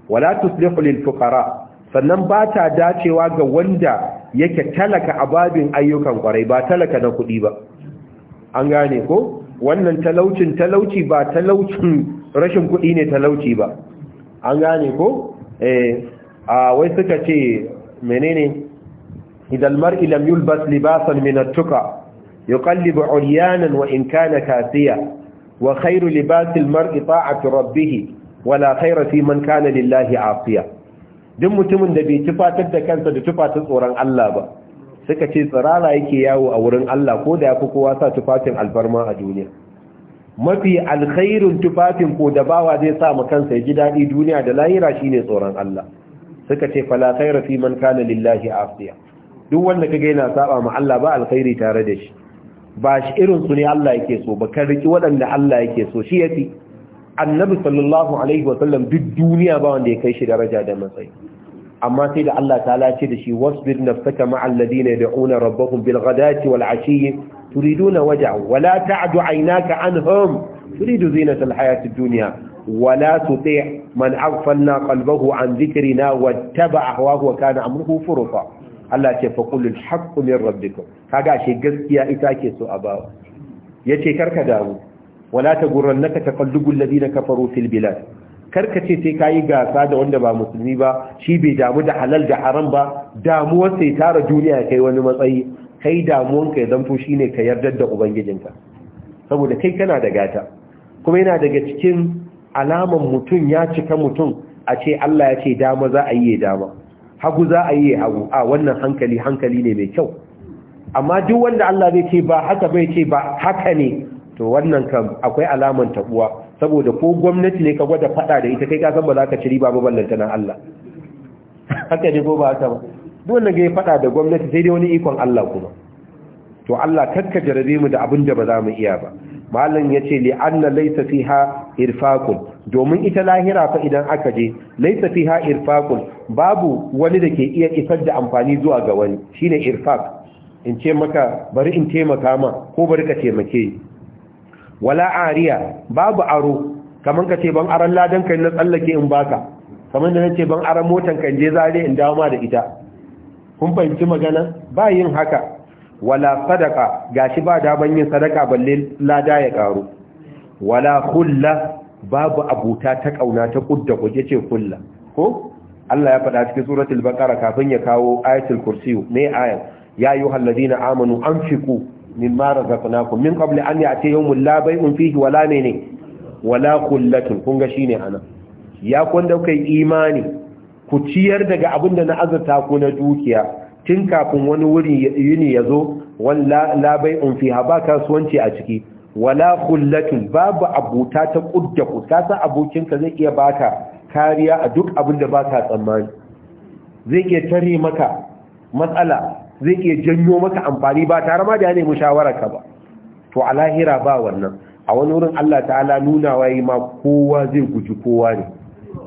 Speaker 1: wala tuslihu lil fuqara sannan ba ta dacewa ga wanda yake talaka a ayyukan kwarai ba talaka na kuɗi ba an gane ko wannan talaucin talauci ba talaucin rashin kuɗi ne talauci ba an gane ko eh, a wai suka ce menene idan mar'i lam yulbas libasan min at-tuqa yuqallibu 'uryanan wa in kana kasiya wa khayru libasi al-mar'i ta'atu rabbih wala khayra fi man kana lillahi afiya. duk mutumin da bai tufatar da kansa da tufatar tsoron Allah ba suka ce tsirara yake yawo a wurin Allah ko da yafi kowa sa tufafin alfarma a duniya mafi alkhairun tufafin ko da bawa zai sa ma kansa ya ji daɗi duniya da lahira shine tsoron Allah suka ce fala khaira fi man kana lillahi afiya duk wanda kaga yana saba ma Allah ba alkhairi tare da shi ba shi irin su ne Allah yake so ba kan riki waɗanda Allah yake so shi yafi annabi sallallahu alaihi wasallam duk duniya ba wanda ya kai shi daraja da matsayi amma sai da Allah ta'ala ce da shi wasbir nafsaka ma'al ladina yad'una rabbahum bil ghadati wal ashi turiduna waj'ahu wa la ta'du 'aynaka anhum turidu zinata al hayati ad-dunya wa la tuti' man aghfalna qalbahu an dhikrina wattaba'a hawahu wa kana amruhu furufa. Allah ce fa qul al haqqu min rabbikum kaga shi gaskiya ita ke so a bawa yace karka dawo. wala tagurrannaka taqallubul ladina kafaru fil bilad karka ce sai kayi gasa da wanda ba musulmi ba shi bai damu da halal da haram ba damuwar sai tara duniya kai wani matsayi kai damuwan ka ya zanto shine ka yarda da ubangijinka saboda kai kana da gata kuma yana daga cikin alaman mutum ya cika mutum a ce Allah ya ce dama za a yi dama hagu za a yi hagu a wannan hankali hankali ne mai kyau amma duk wanda Allah zai ce ba haka bai ce ba haka ne to wannan kan akwai alaman tabuwa saboda ko gwamnati ne ka gwada fada da ita kai ka san ba za ka ci riba ba ballanta nan Allah haka ne ko ba haka ba duk wanda ya fada da gwamnati sai dai wani ikon Allah kuma to Allah takka jarabe mu da abin da ba za mu iya ba malam yace li anna laysa fiha irfaqun domin ita lahira fa idan aka je laysa fiha irfaqun babu wani da ke iya isar da amfani zuwa ga wani shine irfaq in ce maka bari in taimaka ma ko bari ka taimake wala ariya babu aro kaman ka ce ban aran ladan kai na tsallake in baka kaman da nace ban aran motan kan je zare in dawo ma da ita kun fahimci magana ba yin haka wala sadaka gashi ba da ban yin sadaka balle lada ya karo wala kulla babu abuta ta kauna ta kudda kuje ce kulla ko Allah ya faɗa cikin suratul baqara kafin ya kawo ayatul kursiyu ne ayat ya ayyuhal ladina amanu anfiqu min ma razaqnakum min qabli an ya'ti yawmun la bay'un fihi wala ne wala kullatun kun ga shine ana ya kun da kai imani ku ciyar daga abinda na azurta ku na dukiya tun kafin wani wuri yini yazo wala la bay'un fiha ba kasuwanci a ciki wala kullatun babu abuta ta kudda ku kasa abokinka zai iya baka kariya a duk abinda baka tsammani zai iya tare maka matsala zai iya janyo maka amfani ba tare ma da ya nemi shawararka ba to a ba wannan a wani wurin Allah ta'ala nuna waye ma kowa zai guji kowa ne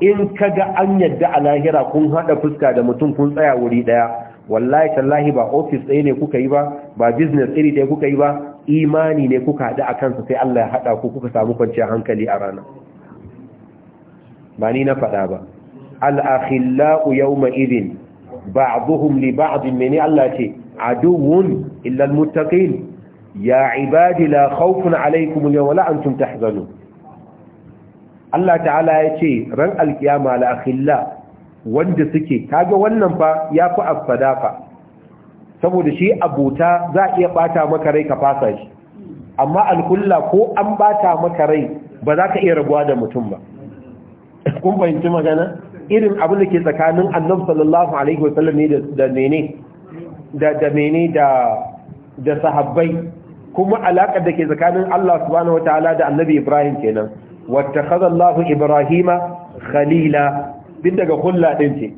Speaker 1: in kaga an yadda a lahira kun hada fuska da mutum kun tsaya wuri daya wallahi tallahi ba office ɗaya ne kuka yi ba ba business iri ɗaya kuka yi ba imani ne kuka hada a kansa sai Allah ya hada ku kuka samu kwanciyar hankali a rana ba ni na faɗa ba al-akhillau yawma idin ba'dhum li ba'd mene Allah ce aduwwun illa almuttaqin ya ibadi la khawfun alaykum Allah ta'ala ya ce ran alkiyama la wanda suke kaga wannan fa ya fi afsada fa saboda shi abota za iya bata maka rai ka fasa shi amma alkulla ko an bata maka rai ba za ka iya rabuwa da mutum ba kun fahimci magana irin abin da ke tsakanin annabi sallallahu alaihi wasallam ne da mene da da mene da da sahabbai kuma alakar da ke tsakanin Allah subhanahu wataala da annabi Ibrahim kenan wattakhadha Allahu Ibrahima khalila duk daga kulla din ce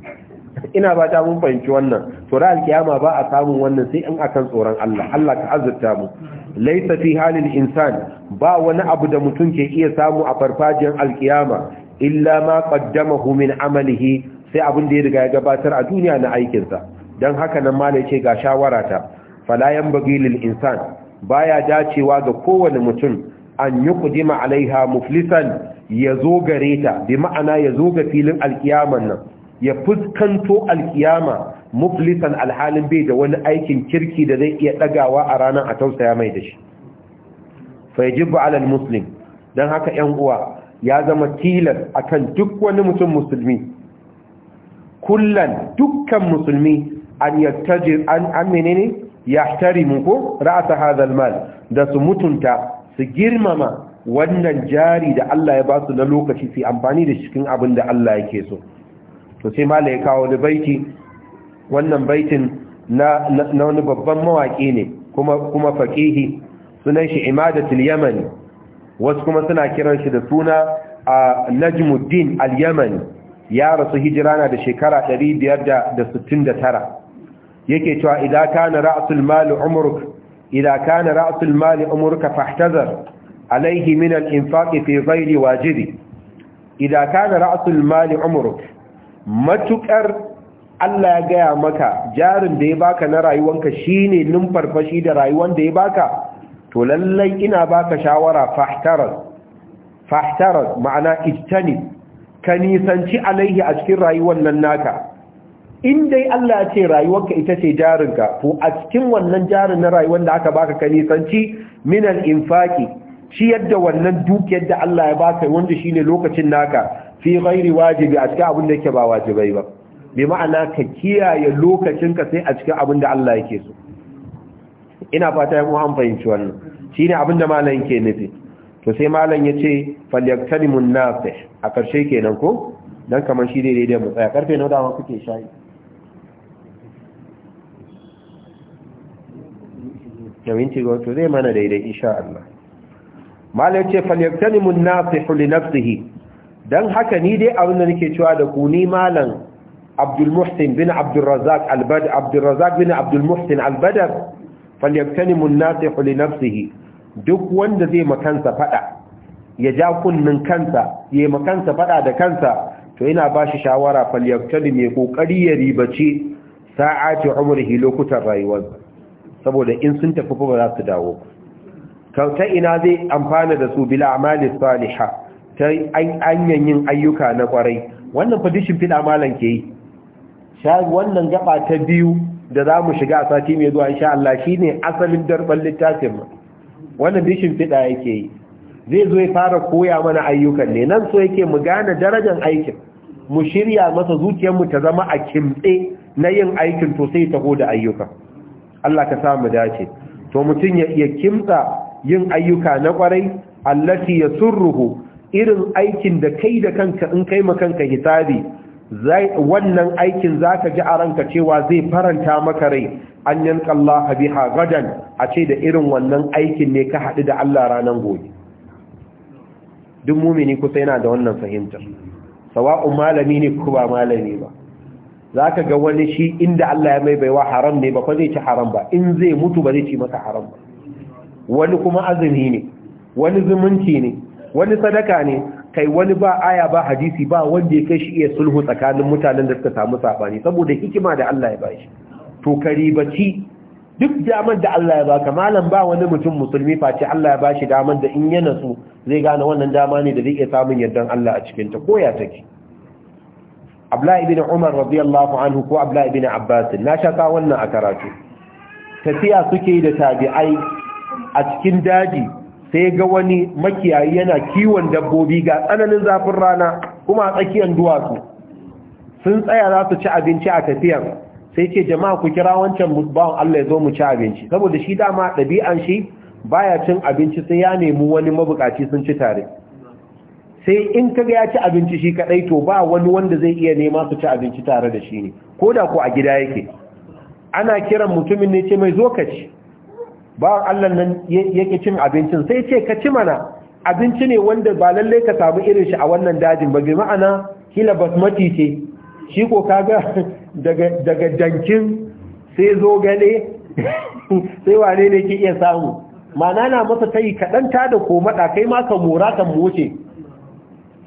Speaker 1: ina ba ta mun fahimci wannan to ran kiyama ba a samun wannan sai in akan tsoron Allah Allah ka azurta mu laysa fi halil insan ba wani abu da mutum ke iya samu a farfajiyar alkiyama illa ma qaddamahu min amalihi sai abin da ya riga ya gabatar a duniya na aikinsa dan haka nan ma ce ga shawara ta falayan bagilil insan baya dacewa ga kowane mutum an yi kudima alaiha muflisan ya zo gare ta bi ma'ana yazo ga filin alkiyaman nan ya fuskanto alkiyama muflisan alhalin bai da wani aikin kirki da zai iya dagawa a ranar a tausaya mai da shi fa yajibu alal muslim dan haka yan uwa ya zama tilas akan duk wani mutum musulmi kullan dukkan musulmi an yattajir an amene ne ko ra'sa hadal almal da su mutunta su girmama wannan jari da Allah ya ba su na lokaci su amfani da cikin abin da Allah yake so to sai mala ya kawo da baiti wannan baitin na na wani babban mawaki ne kuma kuma faqihi sunan shi imadatul yamani wasu kuma suna kiran shi da suna a najmuddin al-yamani ya rasu hijira na da shekara 569 yake cewa idza kana ra'sul mal umruk idza kana ra'sul mal umruka fahtazar alayhi min al-infaq fi wajibi idza kana ra'sul mal umruk matukar Allah ya gaya maka jarin da ya baka na rayuwanka shine numfarfashi da rayuwan da ya baka to lallai ina baka shawara fahtaras fahtaras ma'ana ijtani ka nisanci alaihi a cikin rayuwar nan naka in dai Allah ya ce rayuwarka ita ce jarinka to a cikin wannan jarin na rayuwar da aka baka ka nisanci min al-infaqi yadda da wannan dukiyar da Allah ya baka wanda shine lokacin naka fi ghairi wajibi a cikin abin da yake ba wajibai ba bi ma'ana ka kiyaye lokacinka sai a cikin abin da Allah yake so ina fata ya an fahimci wannan shi ne abinda malam ke nufi to sai malam ya ce falyaktani munafih a ƙarshe kenan ko don kamar shi daidai da mu tsaya karfe na dama kuke shayi da minti wato zai mana daidai insha Allah malam ce falyaktani munafihu li nafsihi dan haka ni dai abin da nake cewa da ku ni malam Abdul Muhsin bin Abdul Razzaq Al-Badr Abdul bin Abdul Muhsin Al-Badr falyaktanimu nasihu li nafsihi duk wanda zai makansa fada ya ja kunnin kansa ya makansa fada da kansa to ina shi shawara falyaktanimu ya kokari ya ribace sa'ati umrihi lokutan rayuwarsa saboda in sun tafi ba za su dawo kauta ina zai amfana da su bil amali salihah ta anyan yin ayyuka na kwarai wannan fadishin fil amalan ke yi wannan gaba ta biyu da za mu shiga a sati mai zuwa insha Allah shi ne asalin darban littafin mu wannan bishin fiɗa yake yi zai zo ya fara koya mana ayyukan ne nan so yake mu gane darajar aikin mu shirya masa zuciyar mu ta zama a kimtse na yin aikin to sai taho da ayyuka Allah ka sa mu dace to mutum ya iya kimtsa yin ayyuka na kwarai allati yasurruhu irin aikin da kai da kanka in kai ma kanka hisabi wannan aikin za ka ji a ranka cewa zai faranta maka rai an yanka Allah biha gadan a ce da irin wannan aikin ne ka haɗu da Allah ranar gobe duk mumini kusa yana da wannan fahimtar sawa'un malami ne ku ba malami ba Za ka ga wani shi inda Allah ya mai baiwa haram ne ba fa zai ci haram ba in zai mutu ba zai ci masa haram ba wani kuma azumi ne wani zumunci ne wani sadaka ne kai wani ba aya ba hadisi ba wanda ya kai shi iya sulhu tsakanin mutanen da suka samu sabani saboda hikima da Allah ya bashi to karibaci duk damar da Allah ya baka malam ba wani mutum musulmi face Allah ya bashi damar da in yana so zai gane wannan dama ne da zai iya samun yardan Allah a cikin ta koya take Abdullahi ibn Umar radiyallahu anhu ko abla ibn Abbas na shaka wannan a karatu tafiya suke da tabi'ai a cikin daji sai ga wani makiyayi yana kiwon dabbobi ga tsananin zafin rana kuma tsakiyar duwatsu sun tsaya za su ci abinci a tafiyar sai ce jama'a ku kira wancan bawan Allah ya zo mu ci abinci saboda shi dama ɗabi'an shi baya cin abinci sai ya nemi wani mabukaci sun ci tare sai in kaga ya ci abinci shi kadai to ba wani wanda zai iya nema su ci abinci tare da shi ne ko da ko a gida yake ana kiran mutumin ne ce mai zo ka ci ba Allah nan yake cin abincin sai ce ka ci mana abinci ne wanda ba lalle ka samu irin shi a wannan dajin ba bi ma'ana kila basmati ce shi ko kaga daga daga dankin sai zo gane sai wane ne ke iya samu mana na masa tayi kadan ta da ko mada kai ma ka mora ka moce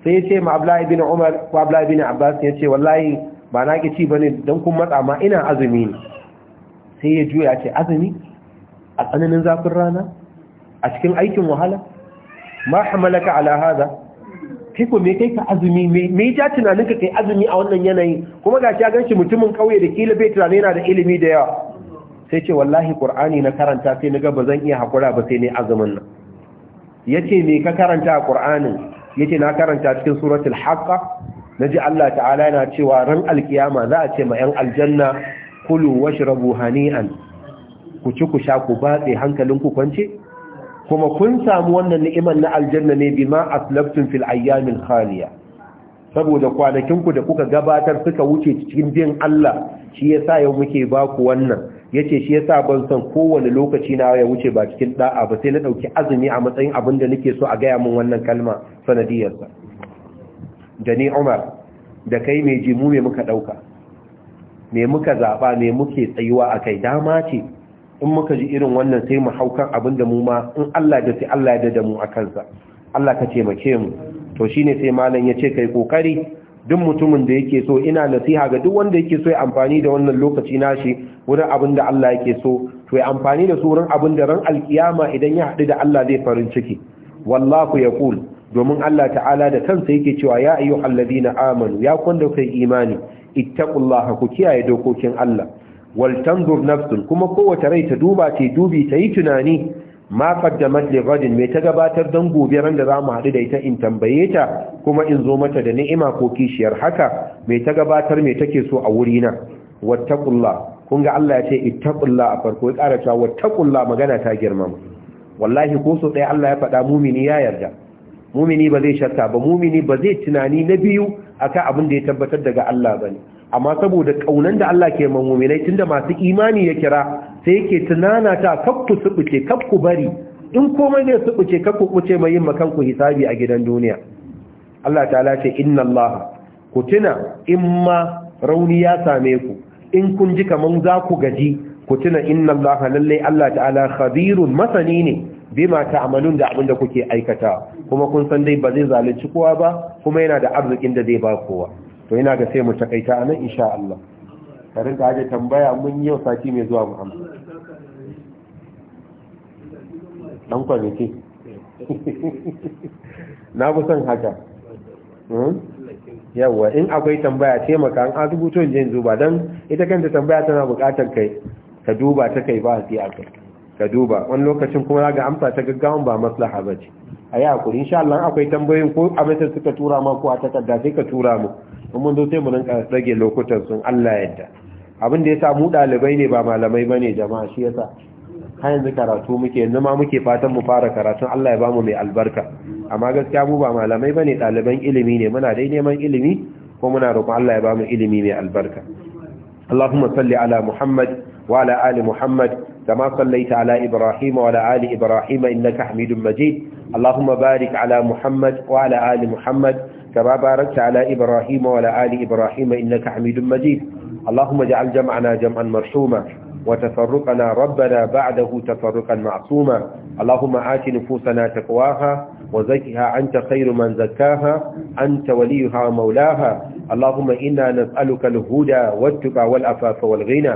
Speaker 1: sai ce ma abla ibn Umar ko abla ibn Abbas ya ce wallahi ba na ki ci bane dan kun matsa ma ina azumi ne sai ya juya ce azumi a tsananin zafin rana a cikin aikin wahala ma hamalaka ala hada kai ko me kai ka azumi me me ja tunanin ka kai azumi a wannan yanayi kuma ga ya ganshi mutumin kauye da kila bai tunani yana da ilimi da yawa sai ce wallahi qur'ani na karanta sai na naga bazan iya hakura ba sai ne azumin nan yace me ka karanta a qur'anin yace na karanta cikin suratul haqqa naji Allah ta'ala yana cewa ran alkiyama za a ce ma yan aljanna kulu washrabu hani'an ku ci ku sha ku batse hankalin ku kwance kuma kun samu wannan ni'imar na aljanna ne bima aslabtum fil ayyamil khaliya saboda kwanakin ku da kuka gabatar suka wuce cikin bin Allah shi yasa yau muke ba ku wannan yace shi yasa ban san kowane lokaci na ya wuce ba cikin da'a ba sai na dauki azumi a matsayin abin da nake so a gaya min wannan kalma sanadiyar da ni Umar da kai mai jimu me muka dauka me muka zaba me muke tsayuwa akai dama ce in muka ji irin wannan sai mu haukan abin da mu ma in Allah da sai Allah ya da mu a kansa Allah ka taimake mu to shine sai malam ya ce kai kokari duk mutumin da yake so ina nasiha ga duk wanda yake so ya amfani da wannan lokaci nashi wurin abin da Allah yake so to ya amfani da su wurin abin da ran alkiyama idan ya haɗu da Allah zai farin ciki wallahu yaqul domin Allah ta'ala da kansa yake cewa ya ayyuhallazina amanu ya kun da kai imani ittaqullaha ku kiyaye dokokin Allah waltanzur nafsun kuma kowace rai ta duba ce, dubi ta yi tunani ma qaddamat li ghadin mai ta gabatar don gobe ran da za mu haɗu da ita in tambaye ta kuma in zo mata da ni'ima ko kishiyar haka Mai ta gabatar mai take so a wuri na wattaqullah kun ga Allah ya ce ittaqullah a farko ya ƙara cewa magana ta girmama wallahi ko so ɗaya Allah ya faɗa mumini ya yarda mumini ba zai shakka ba mumini ba zai tunani na biyu akan abin da ya tabbatar daga Allah bane amma saboda kaunan da Allah ke mamuminai tunda masu imani ya kira sai yake tunana ta kakku subuce kakku bari in komai zai subuce kakku kuce mai yin makanku hisabi a gidan duniya Allah ta ce inna Allah ku tuna in ma rauni ya same ku in kun ji kaman za ku gaji ku tuna inna Allah lallai Allah ta'ala khabirun masani ne bima ta'malun da abin da kuke aikata kuma kun san dai ba zai zalunci kowa ba kuma yana da arzikin da zai ba kowa to ina ga sai mu takaita a nan insha Allah ka rinka aje tambaya mun yau sati mai zuwa mu amsa dan kwamiti na fi son haka hmm? yawwa in akwai tambaya taimaka an rubuto in je duba Dan ita kanta tambaya tana bukatar kai ka duba ta kai ba sai aka ka duba wani lokacin kuma ga amsa ta gaggawan ba maslaha ba ce a yi hakuri insha Allah akwai tambayoyin ko a suka tura ma ko a takarda sai ka tura mu in mun zo sai mu rinka rage lokutan sun Allah yadda abin da yasa mu dalibai ne ba malamai bane jama'a shi yasa har yanzu karatu muke yanzu ma muke fatan mu fara karatun Allah ya bamu mai albarka amma gaskiya mu ba malamai bane daliban ilimi ne muna dai neman ilimi ko muna roƙon Allah ya bamu ilimi mai albarka Allahumma salli ala Muhammad wa ala ali Muhammad كما صليت على إبراهيم وعلى آل إبراهيم إنك حميد مجيد اللهم بارك على محمد وعلى آل محمد كما باركت على إبراهيم وعلى آل إبراهيم إنك حميد مجيد اللهم اجعل جمعنا جمعا مرحوما وتفرقنا ربنا بعده تفرقا معصوما اللهم آت نفوسنا تقواها وزكها أنت خير من زكاها أنت وليها ومولاها اللهم إنا نسألك الهدى والتقى والأفاف والغنى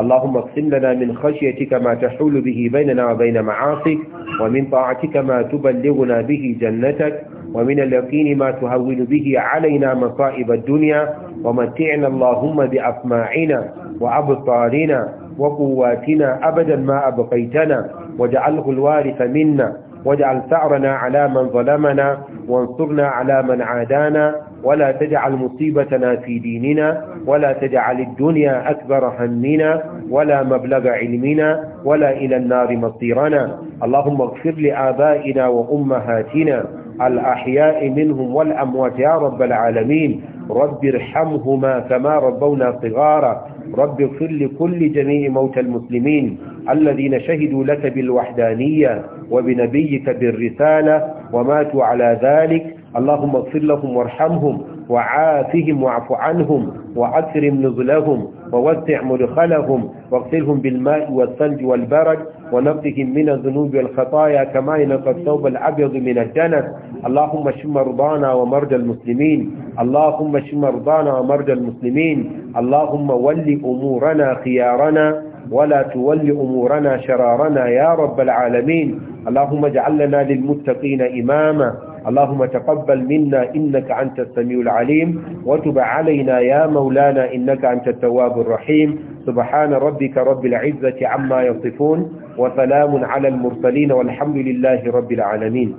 Speaker 1: اللهم اقسم لنا من خشيتك ما تحول به بيننا وبين معاصيك ومن طاعتك ما تبلغنا به جنتك ومن اليقين ما تهول به علينا مصائب الدنيا ومتعنا اللهم بأسماعنا وأبصارنا وقواتنا أبدا ما أبقيتنا واجعله الوارث منا واجعل ثأرنا على من ظلمنا وانصرنا على من عادانا ولا تجعل مصيبتنا في ديننا ولا تجعل الدنيا أكبر همنا ولا مبلغ علمنا ولا إلى النار مصيرنا اللهم اغفر لآبائنا وأمهاتنا الأحياء منهم والأموات يا رب العالمين رب ارحمهما كما ربونا صغارا رب اغفر لكل جميع موتى المسلمين الذين شهدوا لك بالوحدانية وبنبيك بالرسالة وماتوا على ذلك اللهم اغفر لهم وارحمهم وعافهم واعف عنهم وأكرم نزلهم ووسع مدخلهم واغسلهم بالماء والثلج والبرد ونقهم من الذنوب والخطايا كما ينقى الثوب الأبيض من الدنس اللهم اشف مرضانا ومرضى المسلمين اللهم اشف مرضانا ومرضى المسلمين اللهم ول أمورنا خيارنا ولا تول أمورنا شرارنا يا رب العالمين اللهم اجعلنا للمتقين إماما اللهم تقبل منا إنك أنت السميع العليم وتب علينا يا مولانا إنك أنت التواب الرحيم سبحان ربك رب العزة عما يصفون وسلام على المرسلين والحمد لله رب العالمين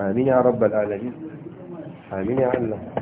Speaker 1: آمين يا رب العالمين آمين يا الله